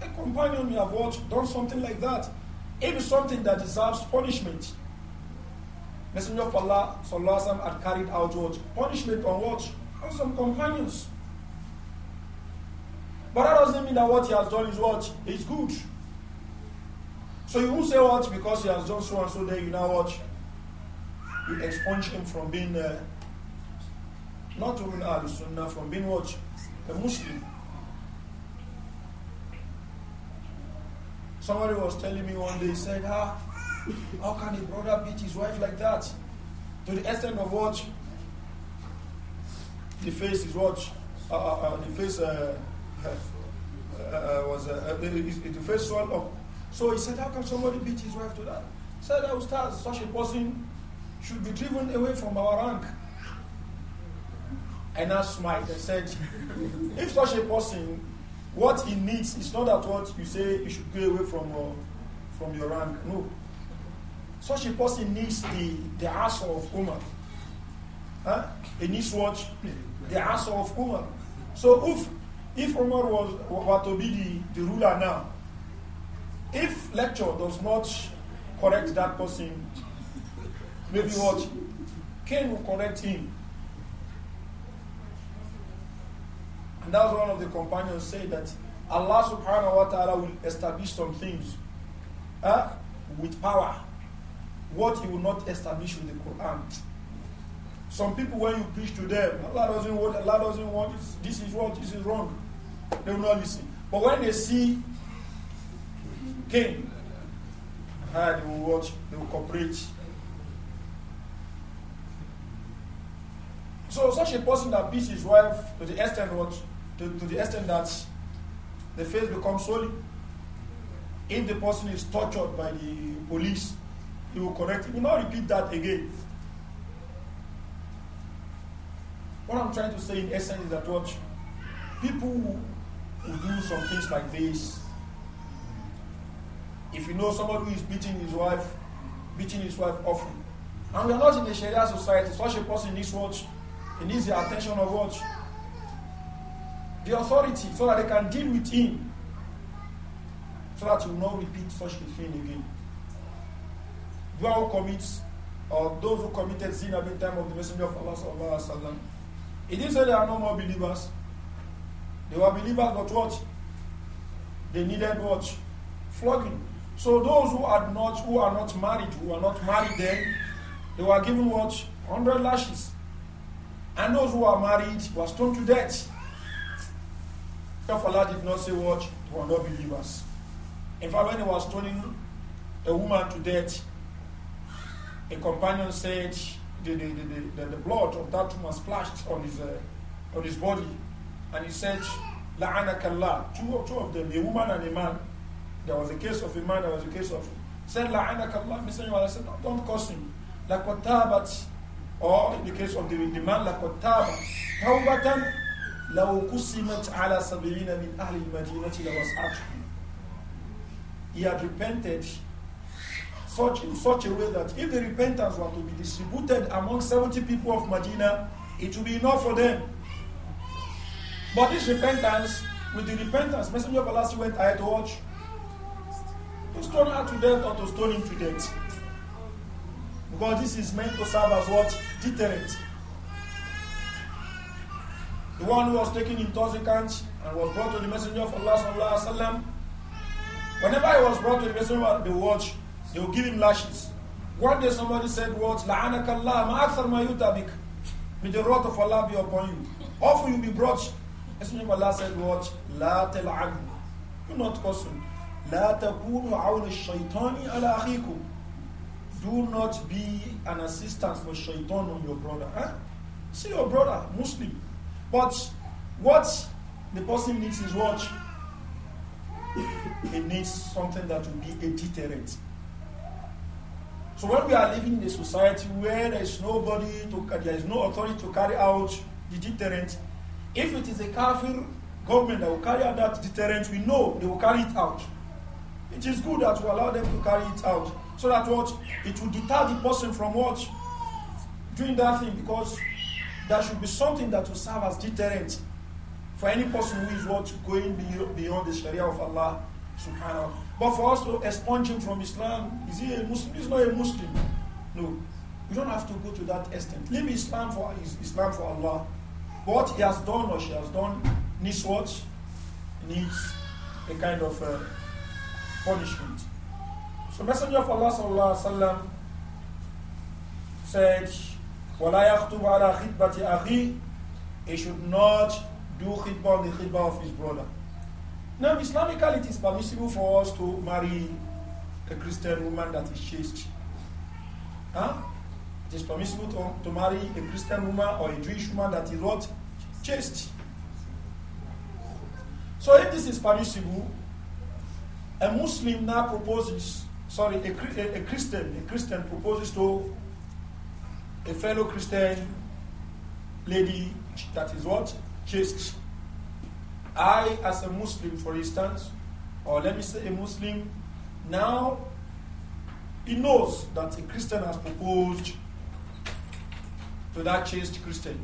a companion you have watched done something like that. It is something that deserves punishment. Messenger of Allah وسلم, had carried out what? Punishment on what? On some companions. But that doesn't mean that what he has done is what? Is good. So you won't say what because he has done so and so there, you now watch. You expunge him from being uh, not even al sunnah, from being what? A Muslim. Somebody was telling me one day, he said, ah, how can a brother beat his wife like that? To the extent of what? The face is what? Uh, uh, uh the face uh, uh, was the face swelled up so he said, How can somebody beat his wife to that? Said, said, Ustaz, such a person should be driven away from our rank. And I smiled and said, If such a person, what he needs is not that what you say you should go away from, uh, from your rank. No. Such a person needs the, the ass of Umar. Huh? He needs what? The ass of Umar. So if, if Umar was, were to be the, the ruler now, if lecture does not correct that person, maybe what? Cain will correct him. And that's one of the companions say that Allah subhanahu wa ta'ala will establish some things uh, with power. What he will not establish with the Quran. Some people, when you preach to them, Allah doesn't want, Allah doesn't want, this, this is what, this is wrong. They will not listen. But when they see king. Uh, they will watch, they will cooperate. So such a person that beats his wife to the extent what to, to the extent that the face becomes solid. If the person is tortured by the police, he will correct. He will not repeat that again. What I'm trying to say in essence is that what people who do some things like this if you know somebody who is beating his wife, beating his wife often, and we are not in a Sharia society, such a person needs what? He needs the attention of what? The authority, so that they can deal with him, so that he will not repeat such a thing again. You all commits, or those who committed sin at the time of the Messenger of Allah, sallallahu alaihi wasallam, he didn't say there are no more believers. They were believers, but what? They needed what? Flogging. So those who are not who are not married, who are not married then, they were given what? 100 lashes. And those who are married were stoned to death. If Allah did not say what? They were not believers. In fact, when he was stoning a woman to death, a companion said the, the, the, the, the blood of that woman splashed on his, uh, on his body. And he said, La'anakallah. Two, two of them, a woman and a man. There was a case of a man, there was a case of said La'anak Allah, Messenger I said, don't curse him. Like what tabat, or in the case of the, the man, like what tabat, tawbatan, لو sabirina min سبعين من أهل المدينة لوسعتهم he had repented such in such a way that if the repentance were to be distributed among 70 people of Medina, it would be enough for them. But this repentance, with the repentance, Messenger of Allah went ahead to watch stone her to death or to stone him to death. Because this is meant to serve as what? Deterrent. The one who was taken intoxicant and was brought to the messenger of Allah sallallahu alaihi Whenever he was brought to the messenger of the watch, they would give him lashes. One day somebody said, What? La'anak Allah, ma'akthar ma yutabik. May the wrath of Allah be upon you. Often you'll be brought. Messenger of Allah said, What? La tel'an. Do not cause him. لا تكونوا عون الشيطان على أخيكم do not be an assistance for shaitan on your brother. Huh? See your brother, Muslim. But what the person needs is what? he needs something that will be a deterrent. So when we are living in a society where there is nobody to there is no authority to carry out the deterrent, if it is a kafir government that will carry out that deterrent, we know they will carry it out it is good that we allow them to carry it out so that what it will deter the person from what doing that thing because there should be something that will serve as deterrent for any person who is what going beyond the Sharia of Allah subhanahu. But for us to expunge him from Islam, is he a Muslim? He's not a Muslim. No. You don't have to go to that extent. Leave Islam for Islam for Allah. But what he has done or she has done needs what? Needs a kind of uh, punishment. So Messenger of Allah sallallahu alaihi wasallam said, "وَلَا yakhtub ala khidbati akhi." He should not do khidbah on the khidbah of his brother. Now, Islamically, it is permissible for us to marry a Christian woman that is chaste. Huh? It is permissible to, to marry a Christian woman or a Jewish woman that is what? Chaste. So if this is permissible, a Muslim now proposes, sorry, a, a, a Christian, a Christian proposes to a fellow Christian lady that is what? Chaste. I, as a Muslim, for instance, or let me say a Muslim, now he knows that a Christian has proposed to that chaste Christian.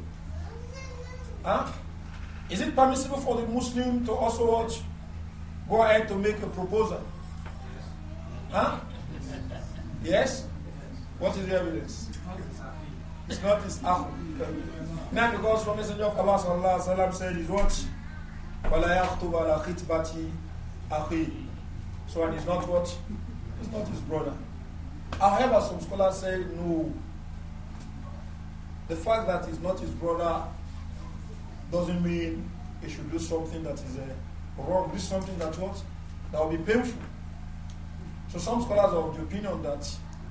Huh? Is it permissible for the Muslim to also watch, go ahead to make a proposal. Huh? Yes? What is the evidence? It's not his ah. Now because the Messenger of Allah sallallahu alayhi wa sallam said is what? وَلَا يَخْطُبَ عَلَى خِتْبَةِ أَخِي So and it's not what? It's not his brother. However, some scholars say no. The fact that it's not his brother doesn't mean he should do something that is a uh, wrong, do something that what? That will be painful. So some scholars are of the opinion that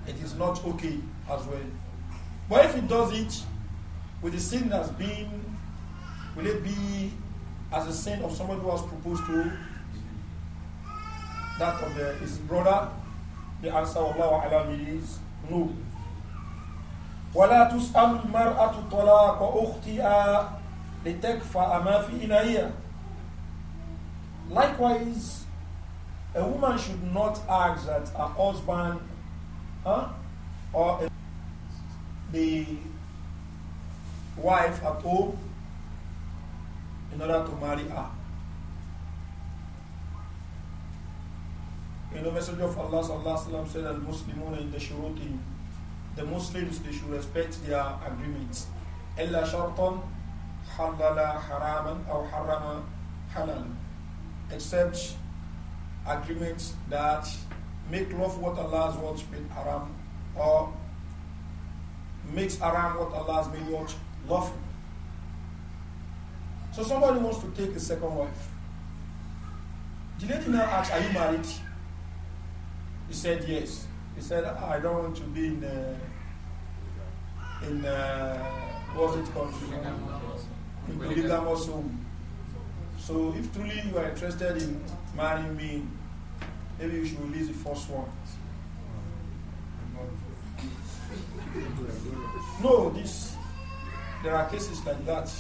it is not okay as well. But if he does it with the sin that's been, will it be as a sin of somebody who has proposed to that of the, his brother? The answer of Allah alam is no. ولا تسأل المرأة طلاق أختها لتكفأ ما في إنائها Likewise, a woman should not ask that her husband huh, or the wife at home in order to marry her. You know, Messenger of Allah sallam, said that Muslimun in the shuruti, the Muslims they should respect their agreements. إلا شرطا حلل حراما أو حرم حلالا Accept agreements that make love what Allah has made been haram or makes haram what Allah has been what lawful. So somebody wants to take a second wife. The lady now asks, Are you married? He said, Yes. He said, I don't want to be in a, uh, in a, uh, what it called? In polygamous home. So if truly you are interested in marrying me, maybe you should release the first one. No, this there are cases like that.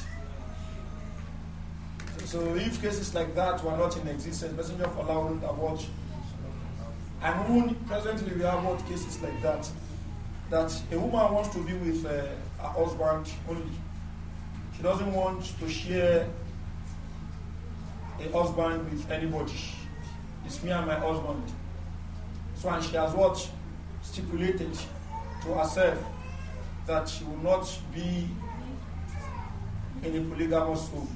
So if cases like that were not in existence, Messenger of Allah wouldn't have watched. And presently we have what cases like that. That a woman wants to be with uh, her husband only. She doesn't want to share a husband with anybody. It's me and my husband. So, and she has what? Stipulated to herself that she will not be in a polygamous home.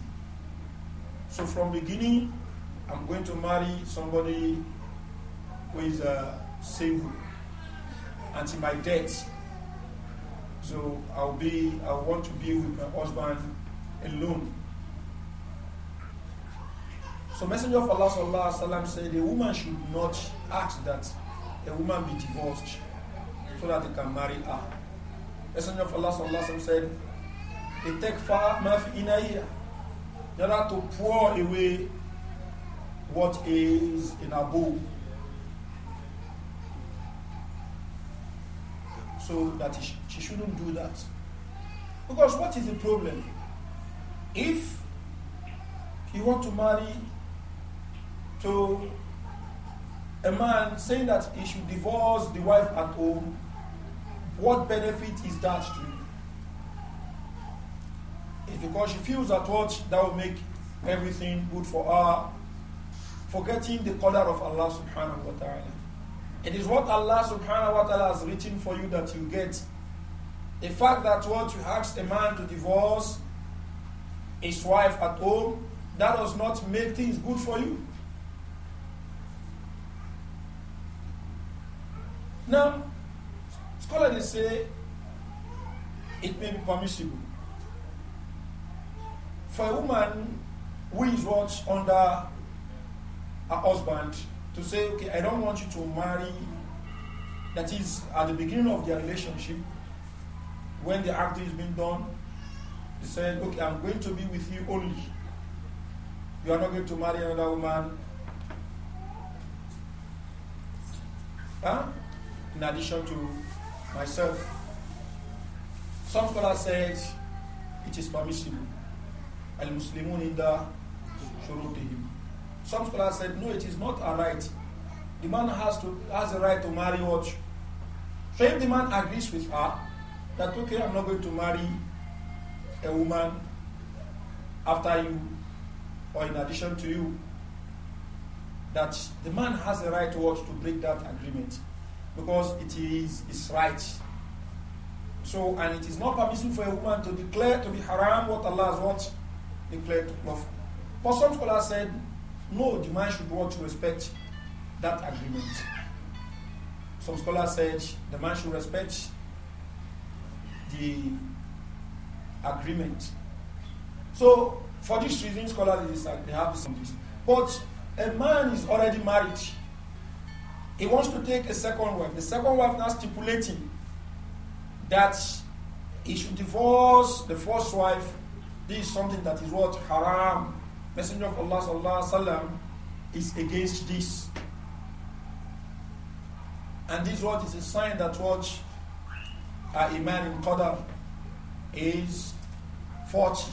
So, from beginning, I'm going to marry somebody who is uh, single until my death. So, I'll be, I want to be with my husband alone so Messenger of Allah sallallahu alaihi wasallam said a woman should not ask that a woman be divorced so that they can marry her. Messenger of Allah sallallahu said, "They take far maf year in order to pour away what is in a bowl." So that she shouldn't do that. Because what is the problem? If you want to marry to a man saying that he should divorce the wife at home, what benefit is that to you? It's because she feels that what that will make everything good for her, forgetting the color of Allah subhanahu wa ta'ala. It is what Allah subhanahu wa ta'ala has written for you that you get. The fact that what you ask a man to divorce his wife at home, that does not make things good for you. Now, scholars they say it may be permissible for a woman who is what under her husband to say, okay, I don't want you to marry. That is at the beginning of their relationship, when the act is being done, he said, okay, I'm going to be with you only. You are not going to marry another woman in addition to myself. Some scholars said it is permissible. Al Muslimun in the Some scholars said no, it is not a right. The man has to has a right to marry what? So if the man agrees with her that okay, I'm not going to marry a woman after you or in addition to you, that the man has a right to what to break that agreement because it is its right. So, and it is not permissible for a woman to declare to be haram what Allah has what declared to lawful. But some scholars said, no, the man should want to respect that agreement. Some scholars said the man should respect the agreement. So, for this reason, scholars they have some this. But a man is already married he wants to take a second wife. The second wife now stipulating that he should divorce the first wife. This is something that is what? Haram. Messenger of Allah sallallahu wasallam is against this. And this what is a sign that what a man in Qadar is 40.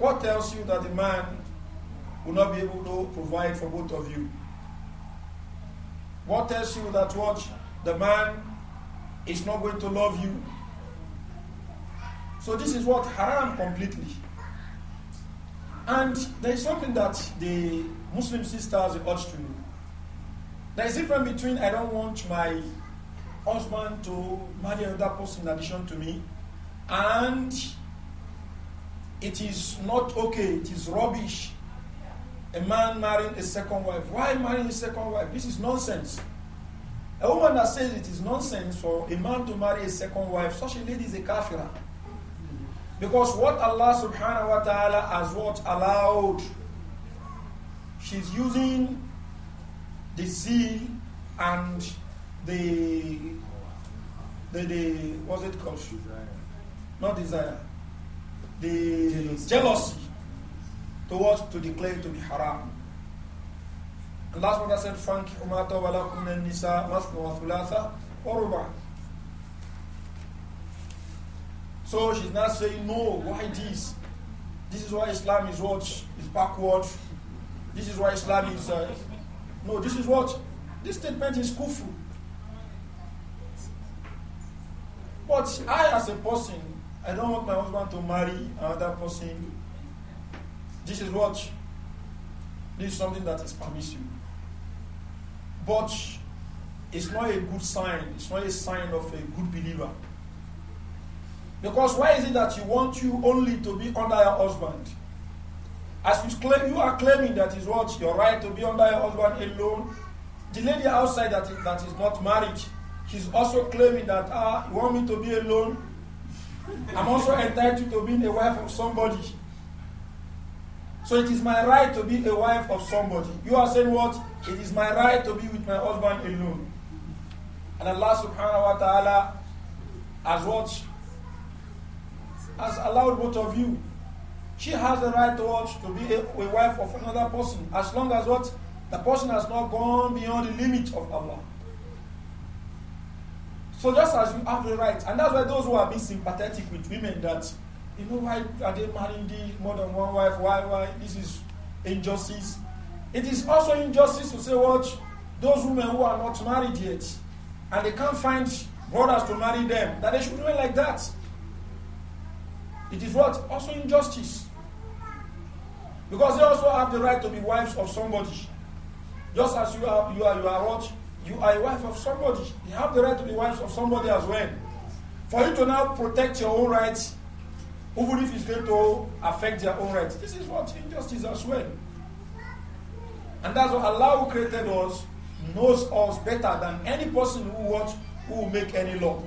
What tells you that the man will not be able to provide for both of you. What tells you that what the man is not going to love you? So this is what haram completely. And there is something that the Muslim sisters urge to me. There is a difference between I don't want my husband to marry another person in addition to me, and it is not okay, it is rubbish a man marrying a second wife. Why marrying a second wife? This is nonsense. A woman that says it is nonsense for a man to marry a second wife, such a lady is a kafira. Because what Allah subhanahu wa ta'ala has what allowed, she's using the zeal and the, the, the what's it called? Desire. Not desire. The jealousy. jealousy to what? To declare to be haram. Allah subhanahu said, فَانْكِحُ مَا تَوَ لَكُمْ مِنَ النِّسَاءِ مَثْنُ وَثُلَاثَ وَرُبَعَ So she's not saying, no, why this? This is why Islam is what? Is backward. This is why Islam is... Uh, no, this is what? This statement is kufr. But I, as a person, I don't want my husband to marry another person this is what? This is something that is permissible. But it's not a good sign. It's not a sign of a good believer. Because why is it that you want you only to be under your husband? As you claim, you are claiming that is what your right to be under your husband alone. The lady outside that is, that is not married, she's also claiming that ah, you want me to be alone. I'm also entitled to being a wife of somebody. So it is my right to be a wife of somebody. You are saying what? It is my right to be with my husband alone. And Allah subhanahu wa ta'ala has what? Has allowed both of you. She has the right to what? To be a, a wife of another person. As long as what? The person has not gone beyond the limit of Allah. So just as you have the right, and that's why those who are being sympathetic with women that you know why are they marrying the more than one wife? Why, why? This is injustice. It is also injustice to say what those women who are not married yet and they can't find brothers to marry them, that they should do it like that. It is what? Also injustice. Because they also have the right to be wives of somebody. Just as you are you are you are what? You are a wife of somebody. You have the right to be wives of somebody as well. For you to now protect your own rights even if it's going to affect their own rights. This is what injustice as well. And that's what Allah who created us knows us better than any person who wants who will make any law.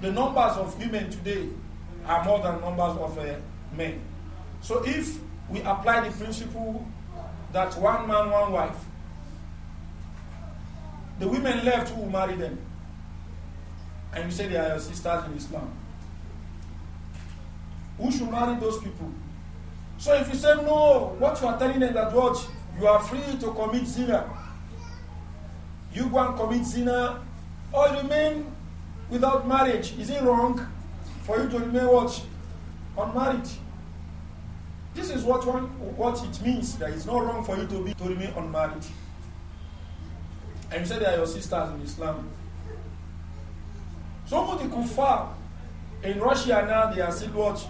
The numbers of women today are more than numbers of uh, men. So if we apply the principle that one man, one wife, the women left who will marry them and you say they are your sisters in Islam. Who should marry those people? So if you say no, what you are telling them that what you are free to commit zina, you go and commit zina, or remain without marriage. Is it wrong for you to remain what unmarried? This is what one, what it means that it's not wrong for you to be to remain unmarried. And you say they are your sisters in Islam. Some of the kuffar in Russia now, they are saying what?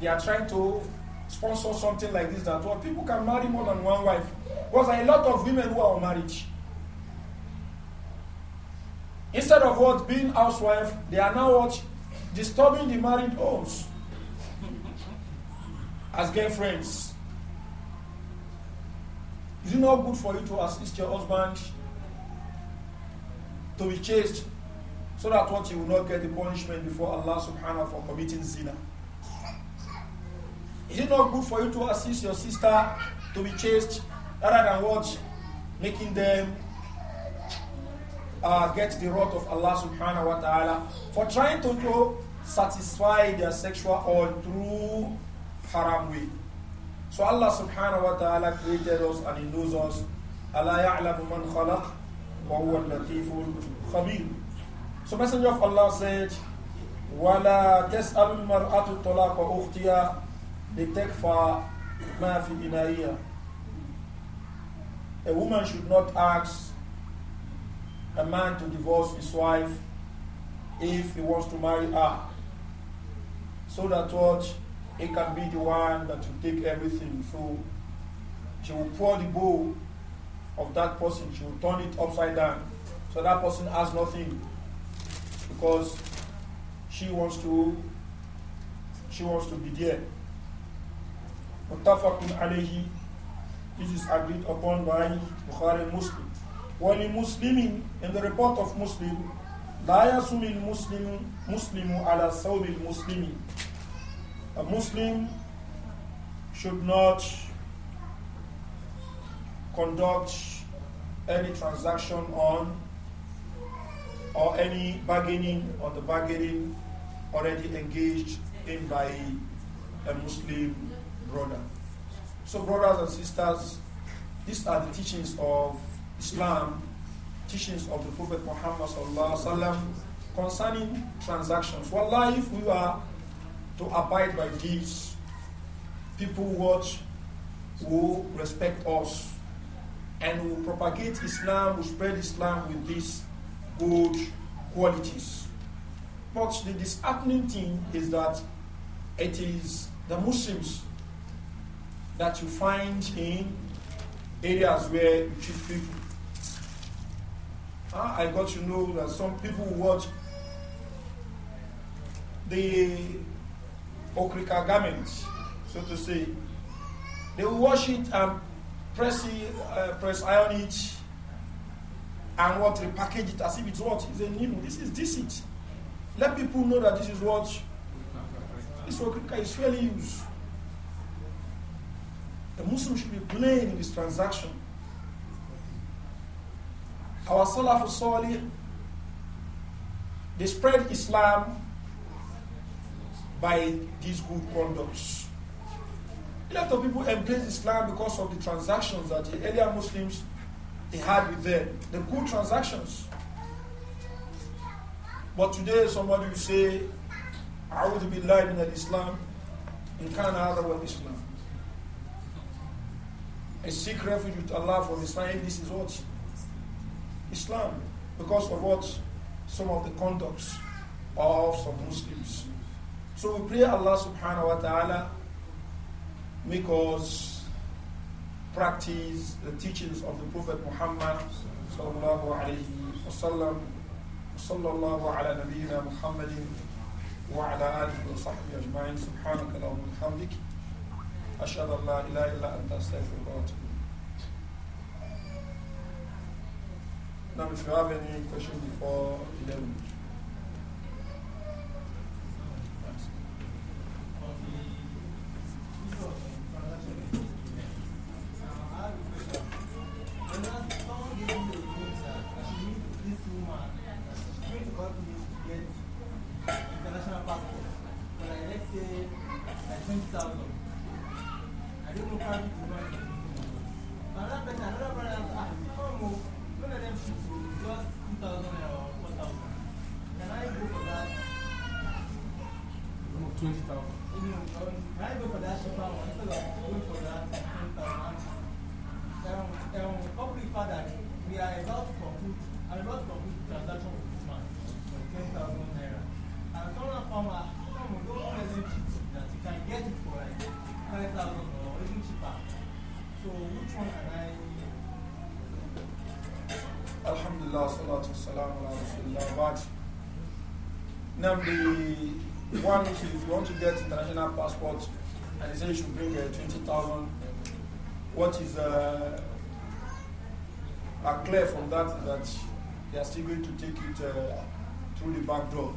They are trying to sponsor something like this that what people can marry more than one wife. Because a lot of women who are married. Instead of what being housewife, they are now what disturbing the married homes as girlfriends. Is it not good for you to assist your husband to be chased? So that what you will not get the punishment before Allah subhanahu for committing zina. Is it not good for you to assist your sister to be chaste rather than what? Making them uh, get the wrath of Allah subhanahu wa ta'ala for trying to go satisfy their sexual or through haram way. So Allah subhanahu wa ta'ala created us and he knows us. Allah ya'lamu man khalaq wa huwa al-latiful khabir. So Messenger of Allah said, وَلَا تَسْأَلُ الْمَرْأَةُ طَلَاقَ أُخْتِيَا لِتَكْفَى مَا فِي إِنَائِهَا A woman should not ask a man to divorce his wife if he wants to marry her, so that what he can be the one that will take everything. So she will pour the bowl of that person, she will turn it upside down, so that person has nothing because she wants to she wants to be there. Muttafaqun alayhi. This is agreed upon by Bukhari Muslim. a Muslimin in the report of Muslim, لا يصوم المسلم مسلم على saudi muslim A Muslim should not conduct any transaction on or any bargaining or the bargaining already engaged in by a Muslim brother. So, brothers and sisters, these are the teachings of Islam, teachings of the Prophet Muhammad sallam, concerning transactions. Wallah, if we are to abide by these, people watch will respect us and will propagate Islam, will spread Islam with this good qualities. But the disheartening thing is that it is the Muslims that you find in areas where you treat people. Uh, I got to know that some people watch the okrika garments, so to say. They wash it and press, it, uh, press iron it and what repackage it as if it's what is a new. This is deceit. Let people know that this is what this Wakrika is fairly used. The Muslim should be playing in this transaction. Our Salaf Salih, they spread Islam by these good conducts. A lot of people embrace Islam because of the transactions that the earlier Muslims they had with them, the good transactions. But today, somebody will say, I would be living in Islam, in Canada with Islam. I seek refuge with Allah from Islam. This is what? Islam. Because of what? Some of the conducts of some Muslims. So we pray Allah subhanahu wa ta'ala make us practice the teachings of the Prophet Muhammad sallallahu alayhi wasallam sallallahu ala nabiyyina Muhammadin wa ala alihi wa sahbihi ajma'in subhanaka wa bihamdik ashhadu an la ilaha illa anta astaghfiruka wa atubu Now if you have any questions before 11 them the one if you want to get international passport and they say you should bring uh, 20,000, what is uh, are clear from that is that they are still going to take it uh, through the back door.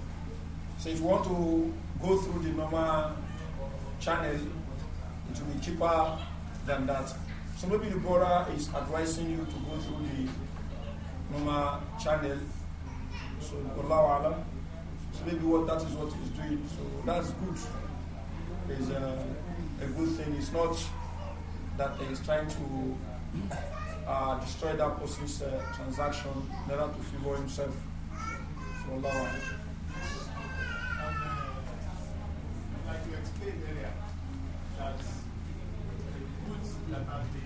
So if you want to go through the normal channel, it will be cheaper than that. So maybe the border is advising you to go through the normal channel. So, Allah maybe what that is what he's doing. So that's good. It's a, uh, a good thing. It's not that he's trying to uh, destroy that person's uh, transaction in order to favor himself. So Allah. Um, like you explained earlier, that the goods that have been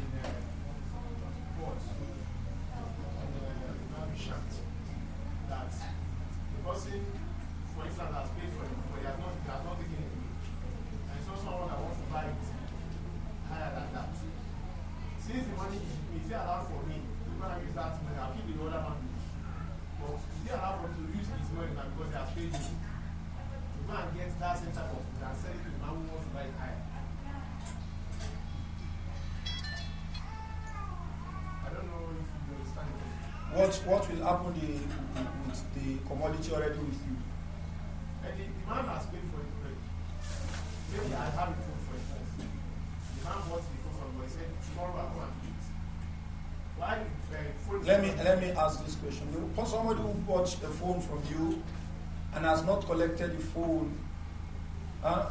what, what will happen the, with the commodity already with you? And the, the man has paid for it already. Maybe I have it for it first. The man bought it before from boy said, tomorrow I come and eat. Why uh, let me let me ask this question. Somebody who bought the phone from you and has not collected the phone, huh?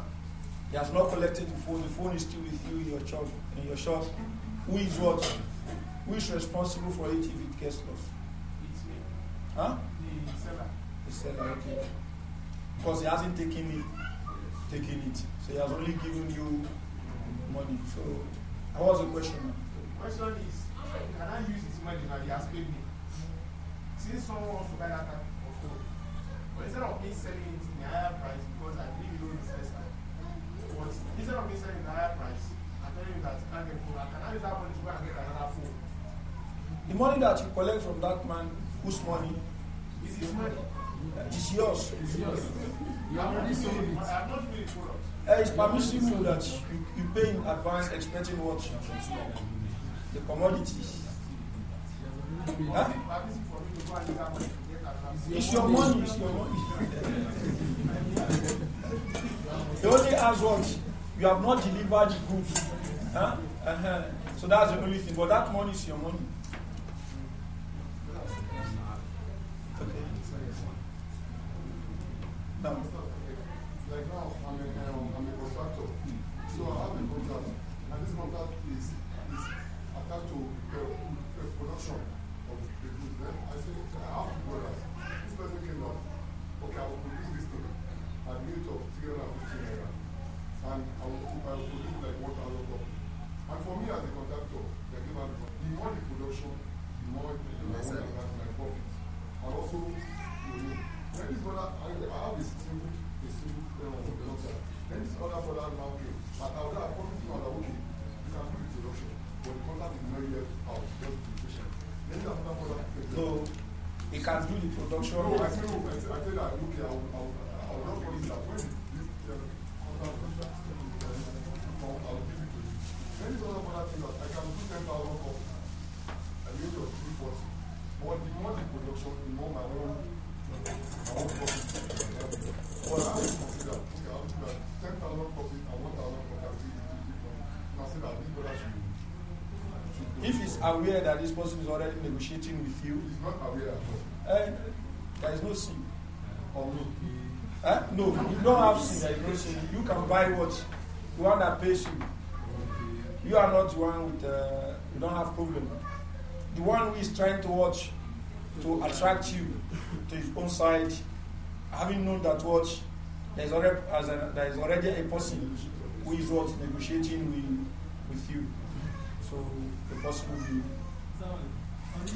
he has not collected the phone, the phone is still with you in your shop in your shop. Who is what? Who is responsible for it if it gets lost? Huh? The seller. The seller, okay. Because he hasn't taken it, taken it. So he has only given you money. So, how was the question? The question is, can I use his money that he has paid me? Since someone wants to buy that type of phone, but instead of me selling it in a higher price because I you don't invest but instead of me selling the higher price, I'm telling you that I can't get food, I can use that money to go and get another phone. The money that you collect from that man Whose money? It's his money. It's yours. It's yours. You already sold it. I have not paid for it. Uh, it's permissible that you, you pay in advance expecting what? The commodities. Huh? It's your money, it's your money. the only as what you have not delivered goods. Huh? Uh -huh. So that's the only thing. But that money is your money. like now, um, I'm a, contractor. So I have a contract. And this contract is, attached to the, production of the goods. Then I think I have This person came up. Okay, I will produce this thing I will, I will produce like 1,000 copies. And for me as a contractor, the more production, the more the, the, the, my profit. And also, when this production? No, I said, no, I said, I said okay, I'll, I'll, I'll that when this I'll give it to you. Then another thing that I can do 10,000 But the more the production, the more my own, my own profit. I consider, okay, I'll do that, 10,000 and 1,000 I'll give it to you. I if he's aware that this person is already negotiating with you, he's not aware at all. Uh, there is no sin on me. Eh? No, you don't have sin. There is no sin. You can buy what the one that pays you. You are not the one with. Uh, you don't have problem. The one who is trying to watch to attract you to his own side, having known that watch, there is already, a, there is already a person who is what negotiating with, with you. So the person will be.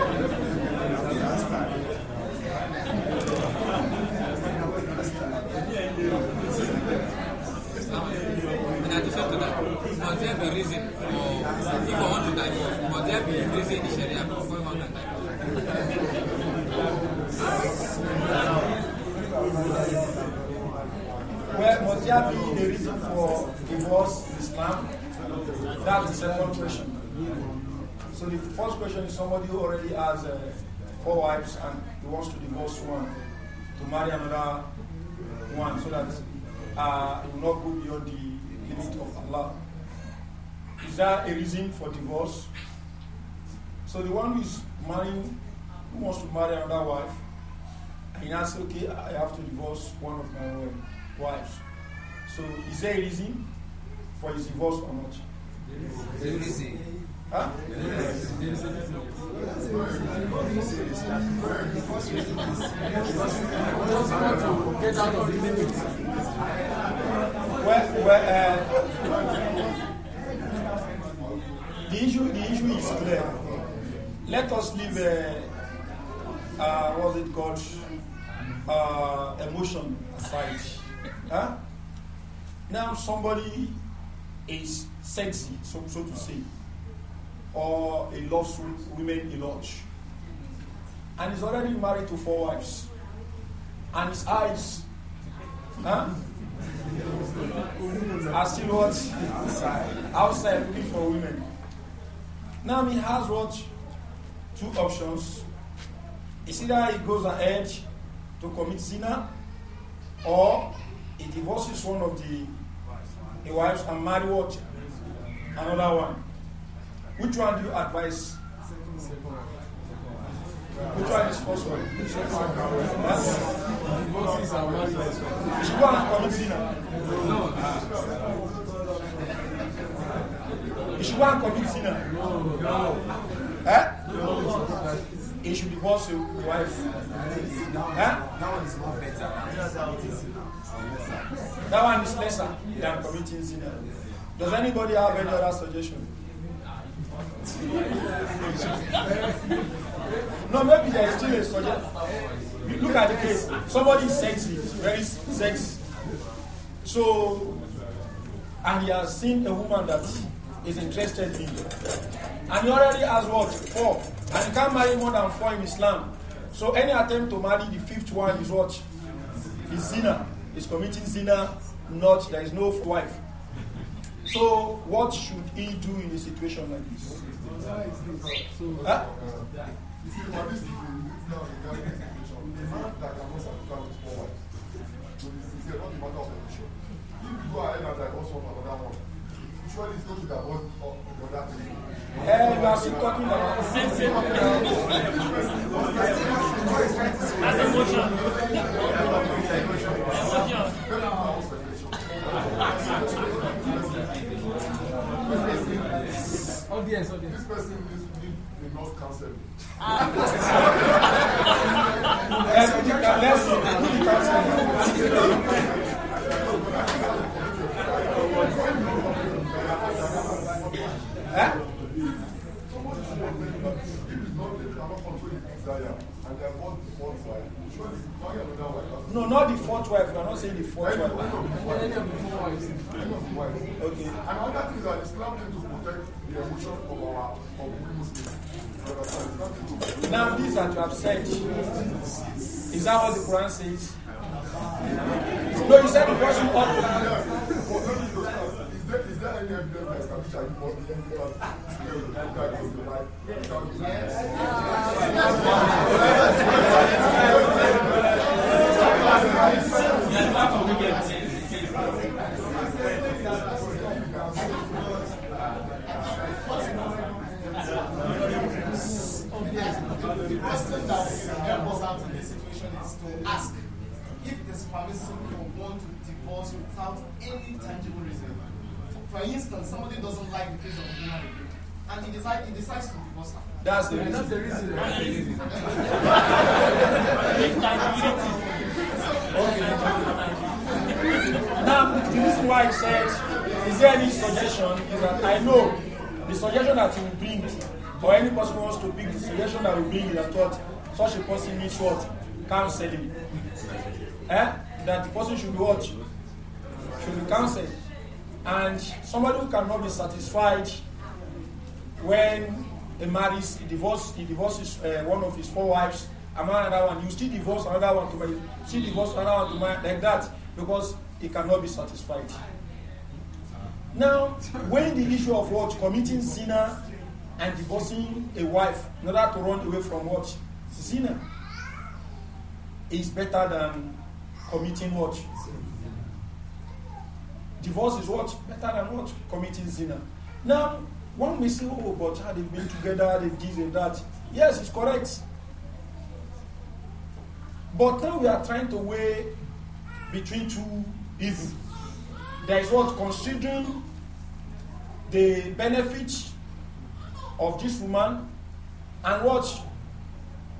Has there been a reason for divorce in Islam? That's the second question. So the first question is somebody who already has uh, four wives and he wants to divorce one to marry another uh, one so that uh, will not go beyond the limit of Allah. Is there a reason for divorce? So the one who is marrying, who wants to marry another wife, and he asks, okay, I have to divorce one of my uh, wives. So is there a reason for his divorce or not? There is a Huh? Yes. Yes. Well, well, uh, the issue, the issue is clear. Let us leave, uh, uh, what's it called, uh, emotion aside. Huh? Now somebody is sexy, so, so to say, or a lost women a lodge, and he's already married to four wives, and his eyes, huh? are still what? Outside. Outside looking for women. Now he has what? Two options. It's either he goes ahead to commit zina or he divorces one of the a wife and marry what? Another one. Which one do you advise? Which one is first one? Divorces are married. She go and commit sin. No. She go and commit sin. No. No. Eh? No. He should divorce your wife. Now, eh? now it's more better. That one is lesser yes. than committing sin. Does anybody have any other suggestion? no, maybe there is still a suggestion. Look at the case. Somebody is sexy, very sexy. So, and he has seen a woman that is interested in him. And he already has what? Four. And he can't marry more than four in Islam. So any attempt to marry the fifth one is what? Is zina is committing zina, not there is no wife. So what should he do in a situation like this? Huh? Obvious, obvious. are talking about This person, is the they must No, not the fourth wife. You are not saying the fourth wife. Okay. And other things are Islam to protect the emotion of our of Muslims. Now, these that you have said, is that what the Quran says? No, you said the person ought to. Is there any evidence that establishes that must be evidence that the life? permissible for one to divorce without any tangible reason. For, for instance, somebody doesn't like the face of a woman and he, decide, he decides to divorce her. That's the reason. That's the reason. That's the reason. Now, the reason why I said, is there any suggestion? Is that I know the suggestion that you bring, or any person wants to bring, the suggestion that we bring is that thought such a person needs what counseling eh, that the person should be what? Should be counselled, And somebody who cannot be satisfied when he marries, he divorces, he divorces uh, one of his four wives, and another one, you still divorce another one to marry, still divorce another one to marry, like that, because he cannot be satisfied. Now, when the issue of what committing zina and divorcing a wife in order to run away from what zina is better than committing what? Divorce is what? Better than what? Committing zina. Now, one may say, oh, but how they've been together, they've this and that. Yes, it's correct. But now we are trying to weigh between two evils. There is what? Considering the benefit of this woman and what?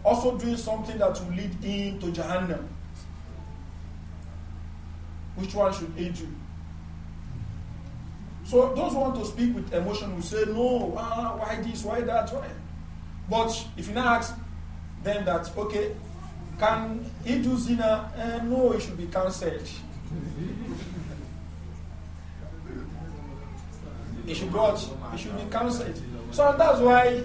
Also doing something that will lead him to Jahannam. Which one should aid you? So those who want to speak with emotion will say, no, ah, why this, why that, why? But if you now ask them that, okay, can he do zina? Uh, no, it should be cancelled. it should not, it should be cancelled. So that's why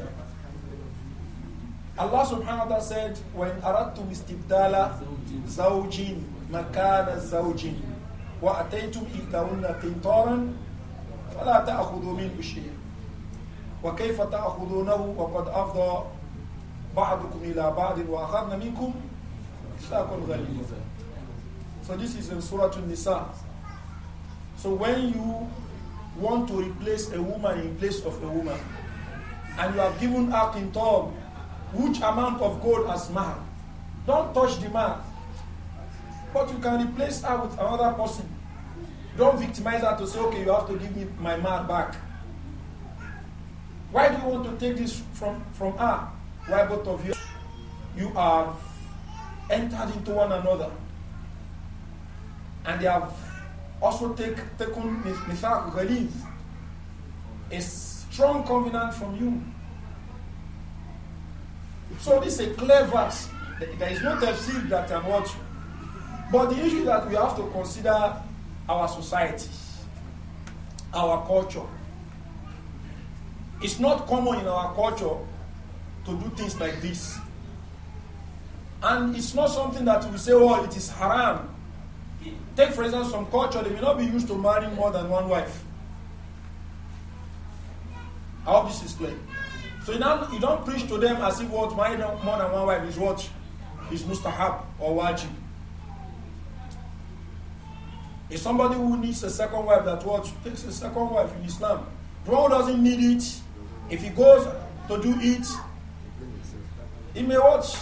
Allah subhanahu wa ta'ala said, when aradtu istibdala zawjin, makana zawjin. وأتيتم إحداهن قنطارا فلا تأخذوا منه شيئا وكيف تأخذونه وقد أفضى بعضكم إلى بعض وأخذنا منكم ميثاقا غليظا So this is in Surah An-Nisa. So when you want to replace a woman in place of a woman, and you have given her in turn, which amount of gold as mahar? Don't touch the mahar. But you can replace her with another person. Don't victimize her to say, okay, you have to give me my man back. Why do you want to take this from, from her? Why both of you? You have entered into one another. And they have also take, taken Mithaq Ghalid, a strong covenant from you. So this is a clever verse. There is no tafsir that I'm watching. But the issue that we have to consider our society, our culture. It's not common in our culture to do things like this. And it's not something that we say, oh, it is haram. Take, for example, some culture, they will not be used to marrying more than one wife. I hope this is clear. So you you don't preach to them as if what marrying more than one wife is what is mustahab or wajib is somebody who needs a second wife that what takes a second wife in Islam. The who doesn't need it, if he goes to do it, he may watch,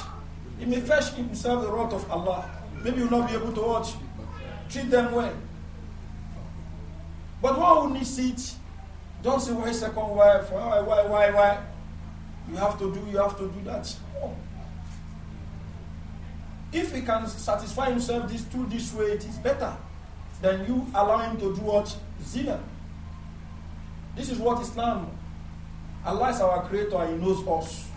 he may fetch himself the wrath of Allah. Maybe he will not be able to watch, treat them well. But one who needs it, don't say why second wife, why, why, why, why? You have to do, you have to do that. If he can satisfy himself this through this way, it is better then you allow him to do what? Zina. This is what Islam, Allah is our creator, He knows us.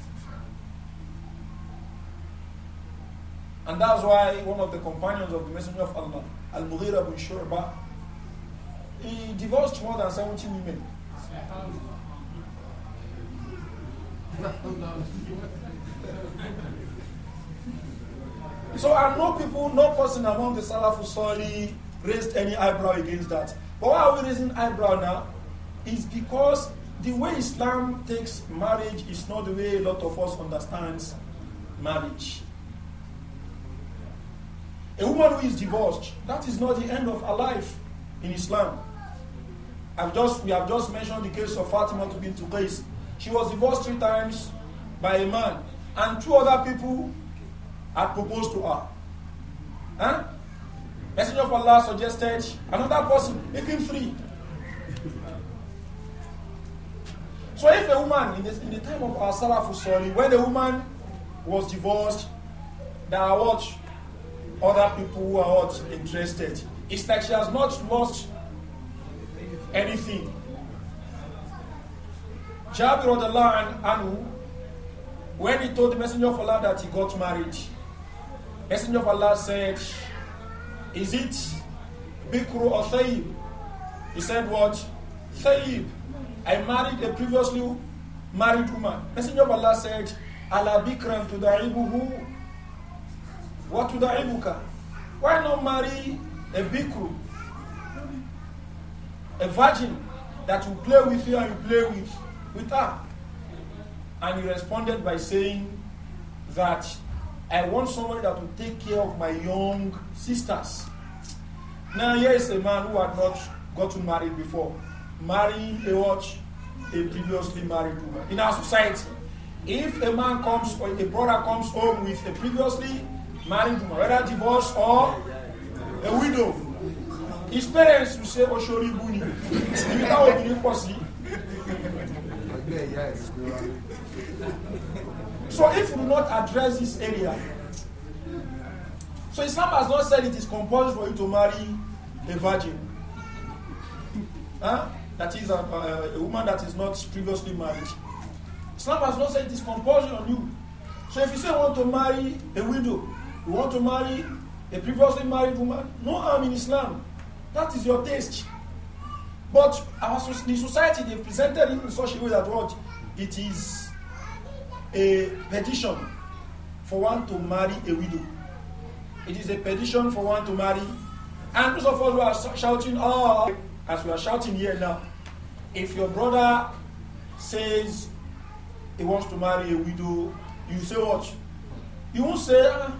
And that's why one of the companions of the Messenger of Allah, Al Mughira bin Shu'ba, he divorced more than 70 women. so I know people, no person among the Salafus Salih raised any eyebrow against that. But why are we raising eyebrow now? It's because the way Islam takes marriage is not the way a lot of us understands marriage. A woman who is divorced, that is not the end of her life in Islam. I've just, we have just mentioned the case of Fatima to be to place. She was divorced three times by a man, and two other people had proposed to her. Huh? Messenger of Allah suggested another person, make him free. So if a woman, in the, in the time of our Salafu Sali, when the woman was divorced, there are what? Other people who are not interested. It's like she has not lost anything. Jabir and Anu, when he told the Messenger of Allah that he got married, Messenger of Allah said, is it Bikru or Thayyib? He said, What? Thayyib. I married a previously married woman. Messenger of Allah said, Ala Bikran tudaibuhu wa ibuka. Why not marry a Bikru, a virgin that will play with you and you play with, with her? And he responded by saying that I want somebody that will take care of my young sisters. Now, here is a man who had not gotten married before, marrying a watch A previously married woman. In our society, if a man comes or a brother comes home with a previously married woman, whether divorced or a widow, his parents will say, Oshori Buni. You know what you so if you do not address this area, so Islam has not said it is compulsory for you to marry a virgin. Huh? That is a, uh, a, uh, a woman that is not previously married. Islam has not said it is compulsory on you. So if you say you want to marry a widow, you want to marry a previously married woman, no harm in Islam. That is your taste. But our, the society, they presented it in such a way that what? It is a petition for one to marry a widow. It is a petition for one to marry. And those of us who are shouting, oh, as we are shouting here now, if your brother says he wants to marry a widow, you say what? You won't say, ah,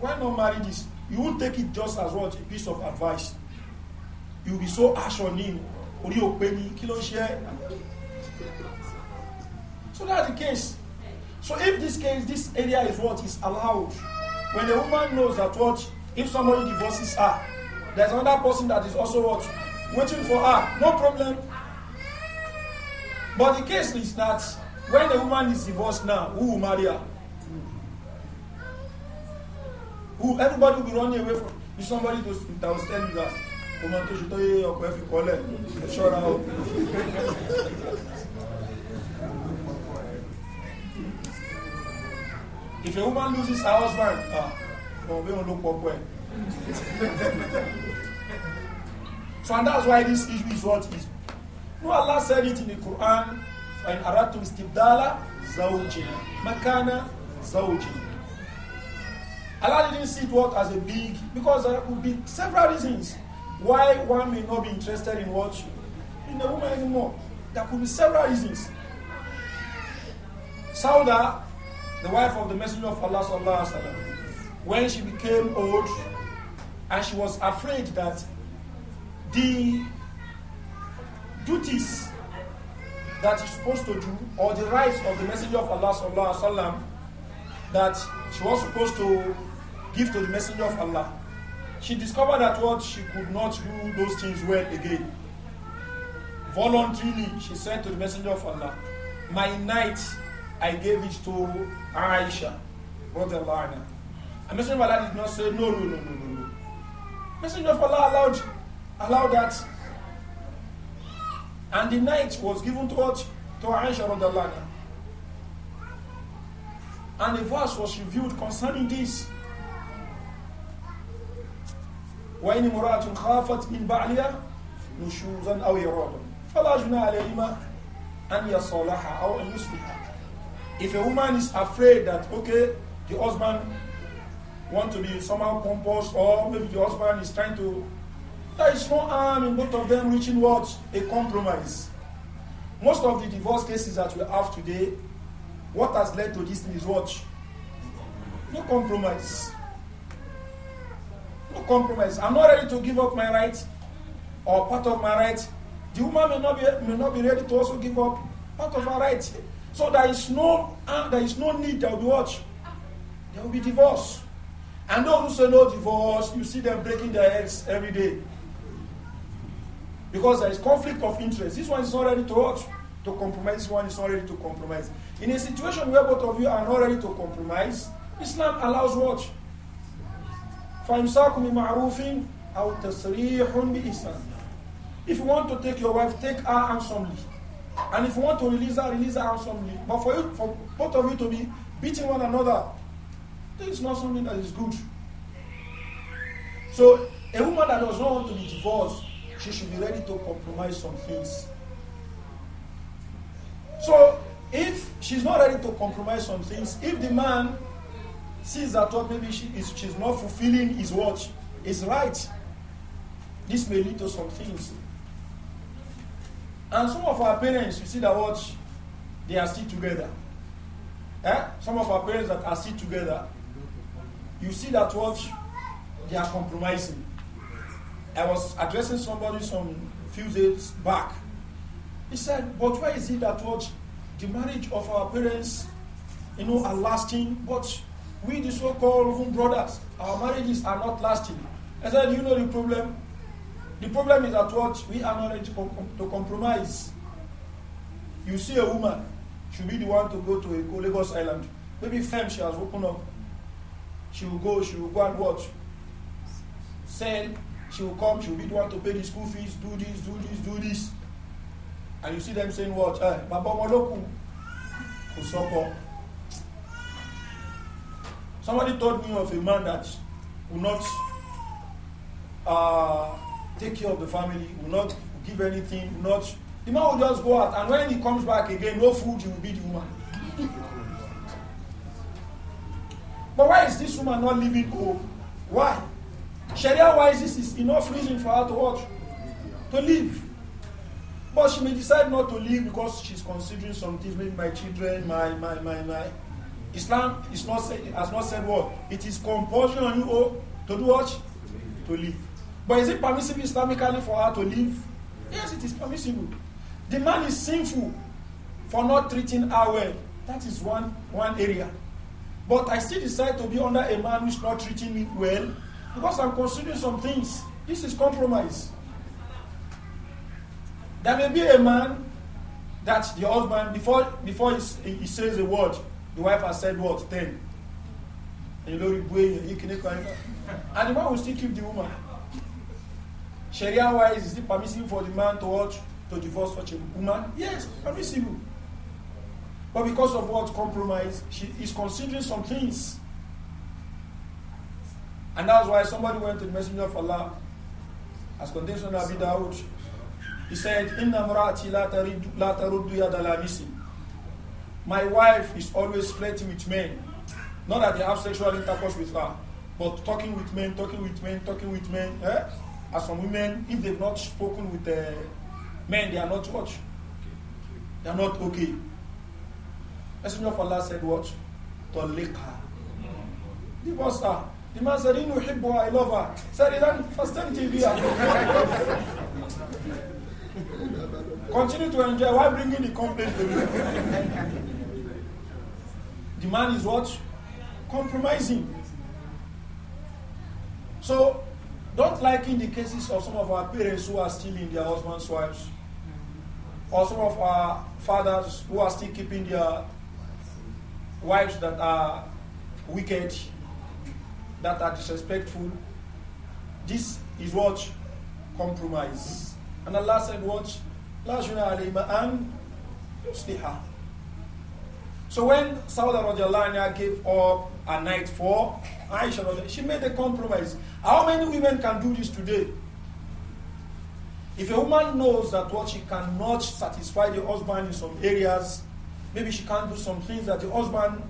why not marry this? You won't take it just as what? A piece of advice. You'll be so harsh on him. So that's the case. So if this case, this area is what is allowed, when the woman knows that what, if somebody divorces her, there's another person that is also what, waiting for her, no problem. But the case is that when the woman is divorced now, who will marry her? Who everybody will be running away from? If somebody goes, that will tell you that. ọmọ tó ṣe tó yé ọkọ ẹ If a woman loses her husband, ah, oh, we don't look up well. so and that's why this issue is what is. No, Allah said it in the Quran. فإن أردتم استبدال زوج مكان زوج Allah didn't see it what as a big because there could be several reasons why one may not be interested in what in a woman anymore. There could be several reasons. Sauda the wife of the Messenger of Allah sallallahu alaihi wasallam, when she became old, and she was afraid that the duties that she's supposed to do, or the rights of the Messenger of Allah sallallahu alaihi wasallam, that she was supposed to give to the Messenger of Allah. She discovered that what she could not do those things well again. Voluntarily, she said to the Messenger of Allah, "My night." I gave it to Aisha. A messenger of Allah did not say, no, no, no, no, no, no. Messenger of Allah allowed, allowed that. And the night was given to what? To Aisha radiallahu anha. And a verse was revealed concerning this. وإن امرأة خافت من بعلها نشوزا أو إرادا فلا جنى عليهما أن يصالحا أو أن يصلحا if a woman is afraid that, okay, the husband want to be somehow pompous or maybe the husband is trying to, there is no harm in both of them reaching what? A compromise. Most of the divorce cases that we have today, what has led to this is what? No compromise. No compromise. I'm not ready to give up my rights or part of my rights. The woman may not be, may not be ready to also give up part of her rights. So there is no uh, there is no need there will be what? There will be divorce. And those who say no divorce, you see them breaking their heads every day. Because there is conflict of interest. This one is not ready to what? To compromise, this one is not ready to compromise. In a situation where both of you are not ready to compromise, Islam allows what? If you want to take your wife, take her handsomely. And if you want to release her, release her handsomely. But for you, for both of you to be beating one another, this is not something that is good. So a woman that does not want to be divorced, she should be ready to compromise some things. So if she's not ready to compromise some things, if the man sees that what oh, maybe she is she's not fulfilling his what is right, this may lead to some things and some of our parents, you see that what they are still together. Eh? Some of our parents that are still together, you see that what they are compromising. I was addressing somebody some few days back. He said, But why is it that what the marriage of our parents, you know, are lasting, but we the so-called brothers, our marriages are not lasting. I said, you know the problem? The problem is that what we are not ready to, com to compromise. You see a woman, should be the one to go to a Lagos Island. Maybe firm she has opened up. She will go, she will go and what? Sell, she will come, she will be the one to pay the school fees, do this, do this, do this. And you see them saying what? Eh, Baba maloku, Somebody told me of a man that will not uh, take care of the family, will not give anything, will not. The man will just go out, and when he comes back again, no food, he will beat the woman. but why is this woman not leaving home? Why? Sharia wise, this is enough reason for her to what? To leave. But she may decide not to leave because she's considering some things, maybe my children, my, my, my, my. Islam is not say, has not said what? It is compulsion on you all to do what? To leave. But is it permissible Islamically for her to leave? Yes, it is permissible. The man is sinful for not treating her well. That is one, one area. But I still decide to be under a man who is not treating me well because I'm considering some things. This is compromise. There may be a man that the husband, before, before he, he says a word, the wife has said what? 10. And the man will still keep the woman. Sharia wise, is it permissible for the man to what? To divorce such a woman? Yes, permissible. But because of what compromise, she is considering some things. And that's why somebody went to the Messenger of Allah, as condition of bid'ah. He said, yadalamisi. My wife is always flirting with men. Not that they have sexual intercourse with her, but talking with men, talking with men, talking with men. Eh? As some women, if they've not spoken with the uh, men, they are not what? They are not okay. Messenger of Allah said what? Taliqa. Divorce her. The man said, Inu hibbu, I love her. Said, then first time TV. Continue to enjoy. Why bringing the complaint to me? the man is what? Compromising. So, don't liken the cases of some of our parents who are still in their husbands' wives, or some of our fathers who are still keeping their wives that are wicked, that are disrespectful. This is what compromise. And Allah said, What? La and yusliha. So when Arabia gave up at night for Aisha. She made a compromise. How many women can do this today? If a woman knows that what she cannot satisfy the husband in some areas, maybe she can't do some things that the husband,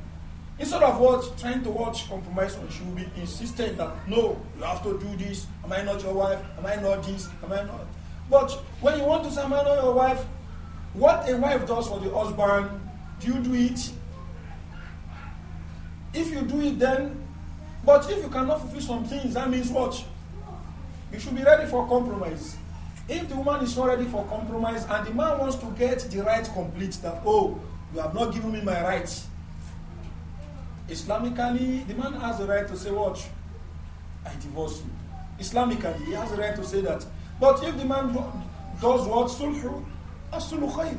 instead of what trying to watch compromise on, she will be insistent that no, you have to do this. Am I not your wife? Am I not this? Am I not? But when you want to say, Am I not your wife? What a wife does for the husband, do you do it if you do it then, but if you cannot fulfill some things, that means what? You should be ready for compromise. If the woman is not ready for compromise and the man wants to get the right complete, that, oh, you have not given me my right. Islamically, the man has the right to say, what? I divorce you. Islamically, he has the right to say that. But if the man do, does what? Sulhu, asulu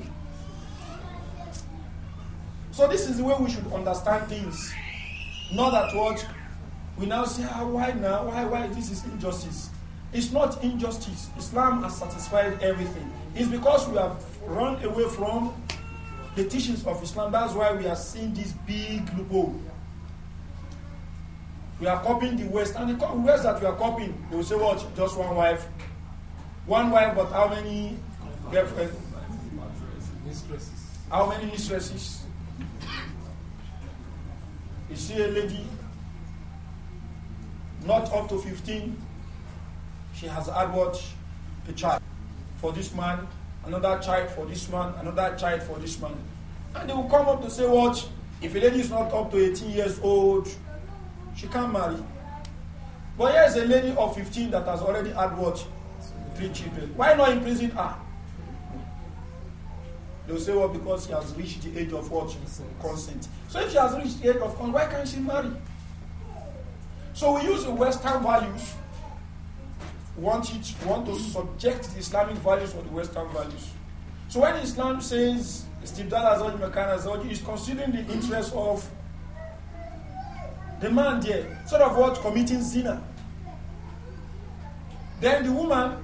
So this is the way we should understand things. Not that what we now say, ah, why now? Why, why? This is injustice. It's not injustice. Islam has satisfied everything. It's because we have run away from the teachings of Islam. That's why we are seeing this big loophole. We are copying the West, and the West that we are copying, they will say, What? Just one wife. One wife, but how many girlfriends? Mistresses. How many mistresses? You see a lady, not up to 15, she has had what? A child for this man, another child for this man, another child for this man. And they will come up to say, What? If a lady is not up to 18 years old, she can't marry. But here's a lady of 15 that has already had what? Three children. Why not imprison her? They'll say, well, because she has reached the age of what? Consent. So if she has reached the age of consent, why can't she marry? So we use the Western values, want, it, want to subject the Islamic values or the Western values. So when Islam says Istibdal Azawji Makan Azawji, it's considering the interest of the man there, sort of what? Committing zina. Then the woman,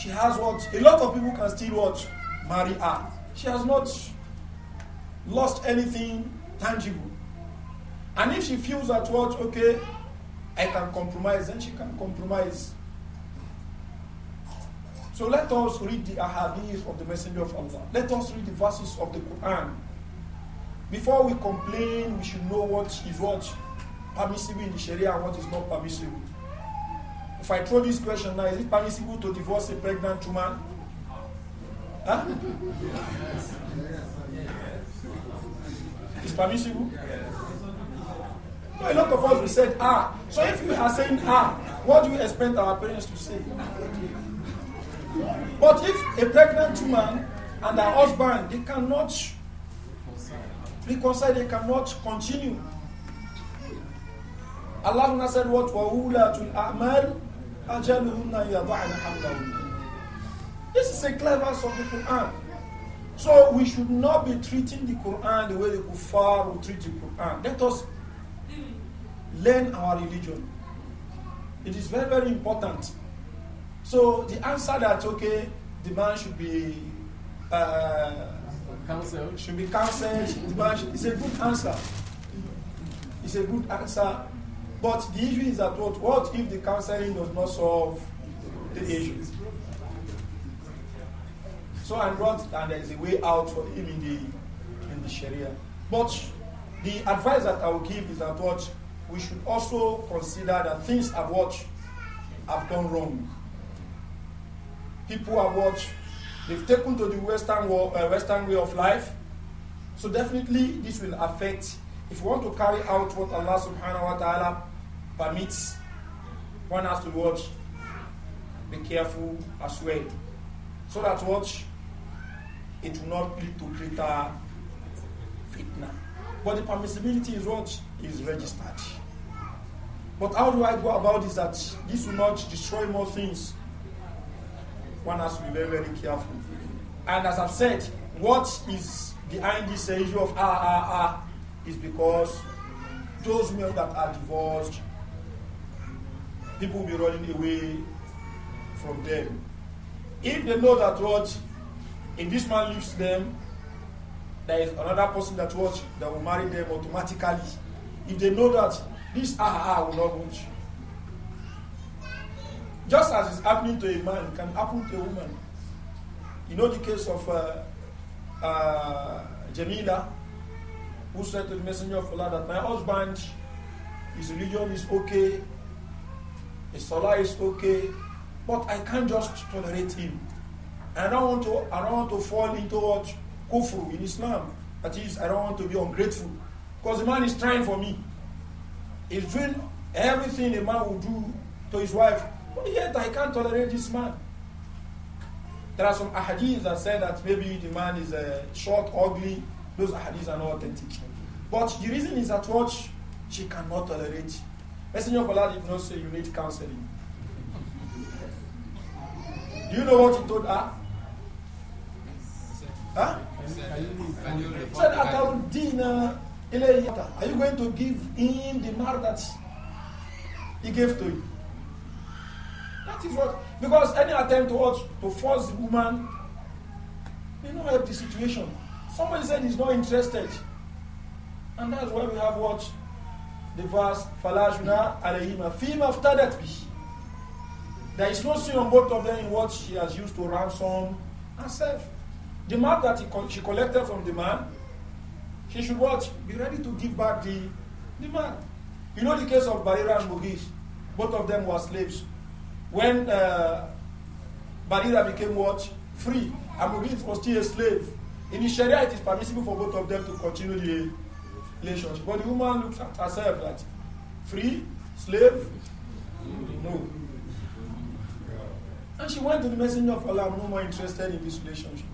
she has what? A lot of people can still watch marry her. She has not lost anything tangible. And if she feels that what, okay, I can compromise, then she can compromise. So let us read the ahadith of the Messenger of Allah. Let us read the verses of the Quran. Before we complain, we should know what is what permissible in the Sharia and what is not permissible. If I throw this question now, is it permissible to divorce a pregnant woman? Huh? It's permissible? So a lot of us we said ah. So if you are saying ah, what do you expect our parents to say? But if a pregnant woman and her husband they cannot reconcile, they cannot continue. Allah said what wa ulatul a'mal ajaluhunna yadhana hamlahunna this is a clever of the Quran. So we should not be treating the Quran the way the Kufa will treat the Quran. Let us learn our religion. It is very, very important. So the answer that okay, the man should be uh, should be cancelled. the man should, it's a good answer. It's a good answer. But the issue is that what, what if the counseling does not solve the issue? So I'm not, and there is a way out for him in the in the Sharia. But the advice that I will give is that what we should also consider that things have have gone wrong. People have watched, they've taken to the Western world, uh, Western way of life. So definitely this will affect if you want to carry out what Allah subhanahu wa ta'ala permits, one has to watch, be careful as well. So that watch it will not lead to greater fitna. But the permissibility is what is registered. But how do I go about is that this will not destroy more things? One has to be very, very careful. And as I've said, what is behind this issue of ah, ah, ah is because those men that are divorced, people will be running away from them. If they know that what if this man leaves them, there is another person that watch that will marry them automatically. If they know that this aha will not want you. Just as it's happening to a man, it can happen to a woman. You know the case of uh, uh, Jamila, who said to the messenger of Allah that my husband, his religion is okay, his salah is okay, but I can't just tolerate him. I don't want to I don't want to fall into what kufru in Islam. That is, I don't want to be ungrateful. Because the man is trying for me. He's doing everything a man would do to his wife. But yet I can't tolerate this man. There are some ahadith that say that maybe the man is uh, short, ugly. Those ahadith are not authentic. But the reason is that what she cannot tolerate. Messenger of Allah did not say you need counseling. Do you know what he told her? Huh? Said Ataudina uh, Ilayata. Are you going to give him the mar that he gave to you? That is what because any attempt to to force the woman they know not help the situation. Somebody said he's not interested. And that's why we have what the verse Falajuna Alehima. Fim after that be. There is no sin on both of them in what she has used to ransom herself. The man that he, she collected from the man, she should what? Be ready to give back the, the man. You know the case of Barira and Mughis. Both of them were slaves. When uh, Barira became what? Free. And was still a slave. In the Sharia, it is permissible for both of them to continue the relationship. But the woman looks at herself like free, slave, no. And she went to the messenger of Allah, no more interested in this relationship.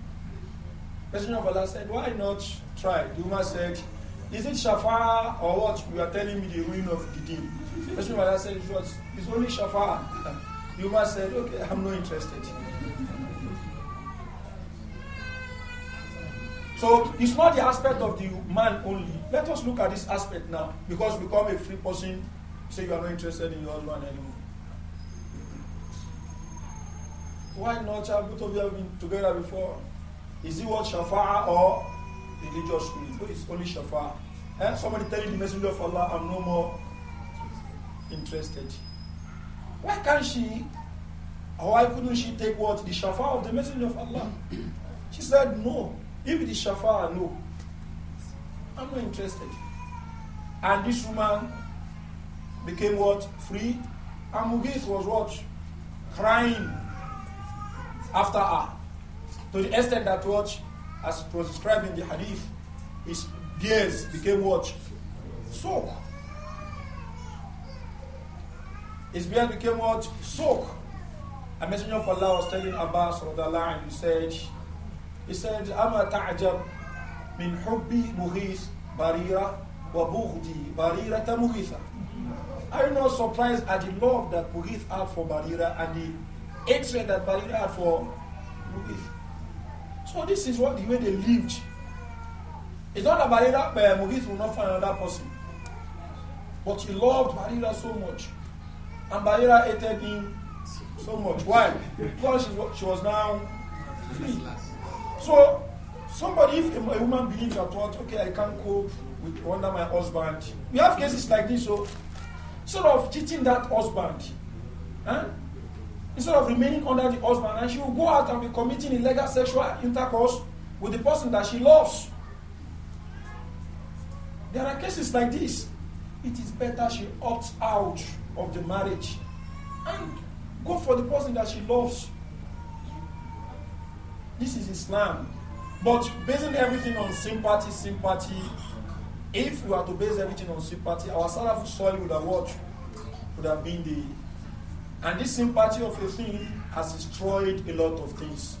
President of Allah said, Why not try? The woman said, Is it shafa or what? You are telling me the ruin of the deal. President of Allah said, It was, It's only shafa." The woman said, Okay, I'm not interested. So it's not the aspect of the man only. Let us look at this aspect now. Because become a free person, say you are not interested in your husband anymore. Why not? Both of you have been together before. Is it what Shafa'a or religious ruling? it's only Shafa'a. And eh, somebody telling the messenger of Allah, I'm no more interested. Why can't she, or why couldn't she take what? The Shafa'a of the messenger of Allah? She said, no. If the Shafa'a, no. I'm not interested. And this woman became what? Free. And Mugis was what? Crying after her. To the extent that what, as it was described in the hadith, his beers became what? Soak. His beard became what? Soak. A messenger of Allah was telling Abbas radiallahu and he said, he said, أَمَا تَعْجَبْ مِنْ حُبِّ مُغِيث بَرِيرَةً وَبُغْدِي barira مُغِيثًا Are you not surprised at the love that Mughith had for Barira and the hatred that Barira had for Mughith? So this is what the way they lived. It's not that Barira uh, eh, will not find another person. But he loved Barira so much. And Barira hated him so much. Why? Because she was, now free. So somebody, if a, a woman believes at what, okay, I can't cope with under my husband. We have cases like this, so sort of cheating that husband. Huh? instead of remaining under the husband, and she will go out and be committing illegal sexual intercourse with the person that she loves. There are cases like this. It is better she opts out of the marriage and go for the person that she loves. This is Islam. But basing everything on sympathy, sympathy, if we are to base everything on sympathy, our Salafu soil would have what? Would have been the and this sympathy of a thing has destroyed a lot of things.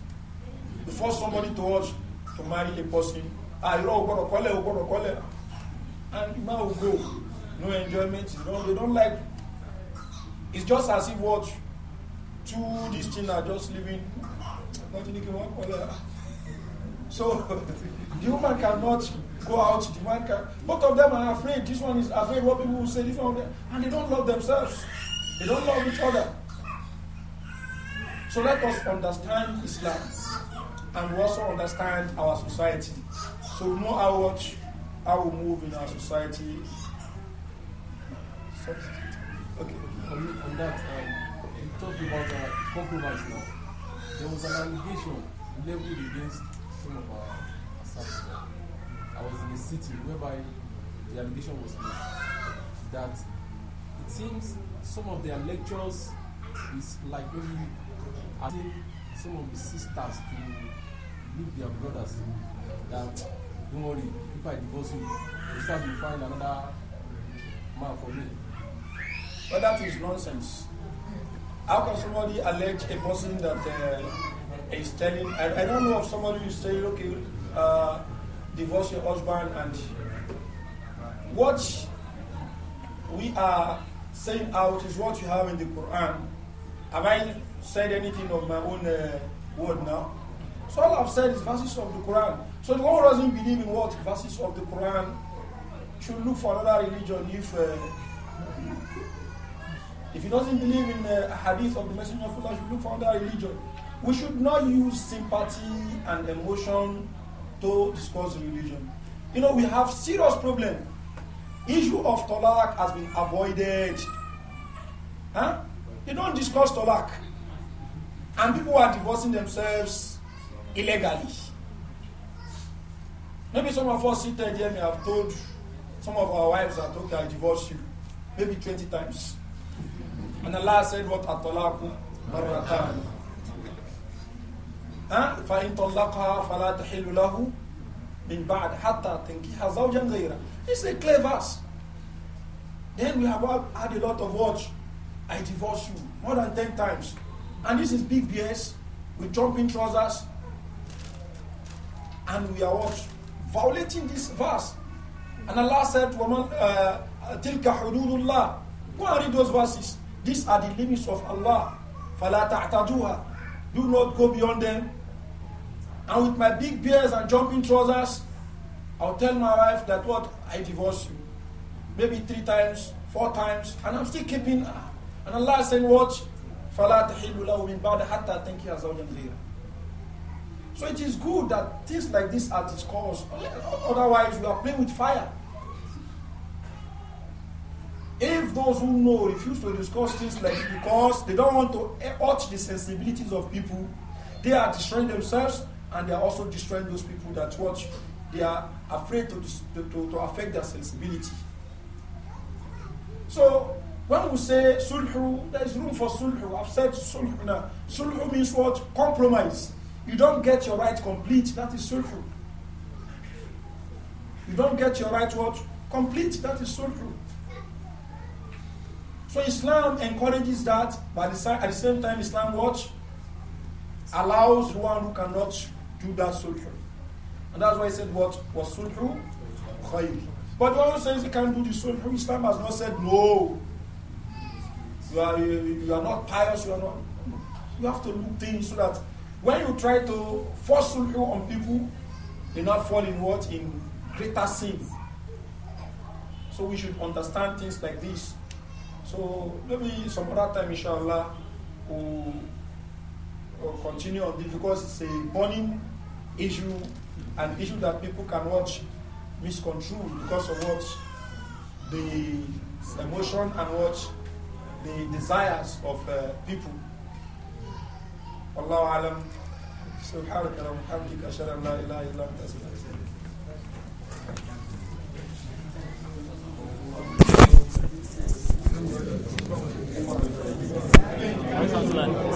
Before somebody told to marry a person, ah, I you know, gonna call it, to call it. And now go. No enjoyment, you know, they don't like. It's just as if what two distinct things are just living. Nothing can work So the woman cannot go out, the man can both of them are afraid. This one is afraid what people will say, this one and they don't love themselves. They don't love each other. So let us understand Islam and we also understand our society. So we know how much how we move in our society. okay. On, on that, um, you talked about uh, compromise now. There was an allegation leveled against some of our assassins. I was in a city whereby the allegation was made that it seems some of their lectures is like maybe asking some of the sisters to leave their brothers that don't worry if I divorce you, you start to find another man for me. But that is nonsense. How can somebody allege a person that uh, is telling? I, I, don't know if somebody is saying, okay, uh, divorce your husband and what we are saying out ah, is what you have in the Quran. Have I said anything of my own uh, word now? So all I've said is verses of the Quran. So the one who doesn't believe in what verses of the Quran should look for another religion if uh, if he doesn't believe in uh, hadith of the Messenger of Allah, should look for another religion. We should not use sympathy and emotion to discuss religion. You know, we have serious problem issue of talak has been avoided. Huh? They don't discuss talak. And people are divorcing themselves illegally. Maybe some of us seated here may have told some of our wives that, okay, I'll divorce you. Maybe 20 times. And Allah said, what atalaku I فإن طلقها فلا تحل له من بعد حتى تنكح زوجا غيره is a clear verse. Then we have had a lot of watch. I divorce you more than 10 times. And this is big BS with jumping trousers. And we are what? Violating this verse. And Allah said, Woman, uh, hududullah. Go and read those verses. These are the limits of Allah. Do not go beyond them. And with my big beards and jumping trousers, I'll tell my wife that what I divorce you, maybe three times, four times, and I'm still keeping uh, And Allah is saying, Watch, فَلَا تَحِلُّ لَهُ مِنْ بَعْدِ حَتَّى تَنْكِيَ زَوْجًا So it is good that things like this are discussed. Otherwise, we are playing with fire. If those who know refuse to discuss things like this because they don't want to hurt the sensibilities of people, they are destroying themselves and they are also destroying those people that watch they are afraid to, to, to, affect their sensibility. So when we say sulhu, there is room for sulhu. I've said sulhu now. Sulhu means what? Compromise. You don't get your right complete. That is sulhu. You don't get your right what? Complete. That is sulhu. So Islam encourages that, but at the same time, Islam what? Allows one who cannot do that sulhu. And that's why he said what? Was sulhu khayr. But the one says he can't do the sulhu, Islam has not said no. You are, you, you are not pious, you are not. You have to look things so that when you try to force sulhu on people, they not fall in what? In greater sin. So we should understand things like this. So maybe some other time, inshallah, we'll, we'll continue on this because it's a burning issue an issue that people can watch misconstrue because of what the emotion and what the desires of uh, people. Allahu alam. سبحانك اللهم وبحمدك اشهد ان لا اله الا انت استغفرك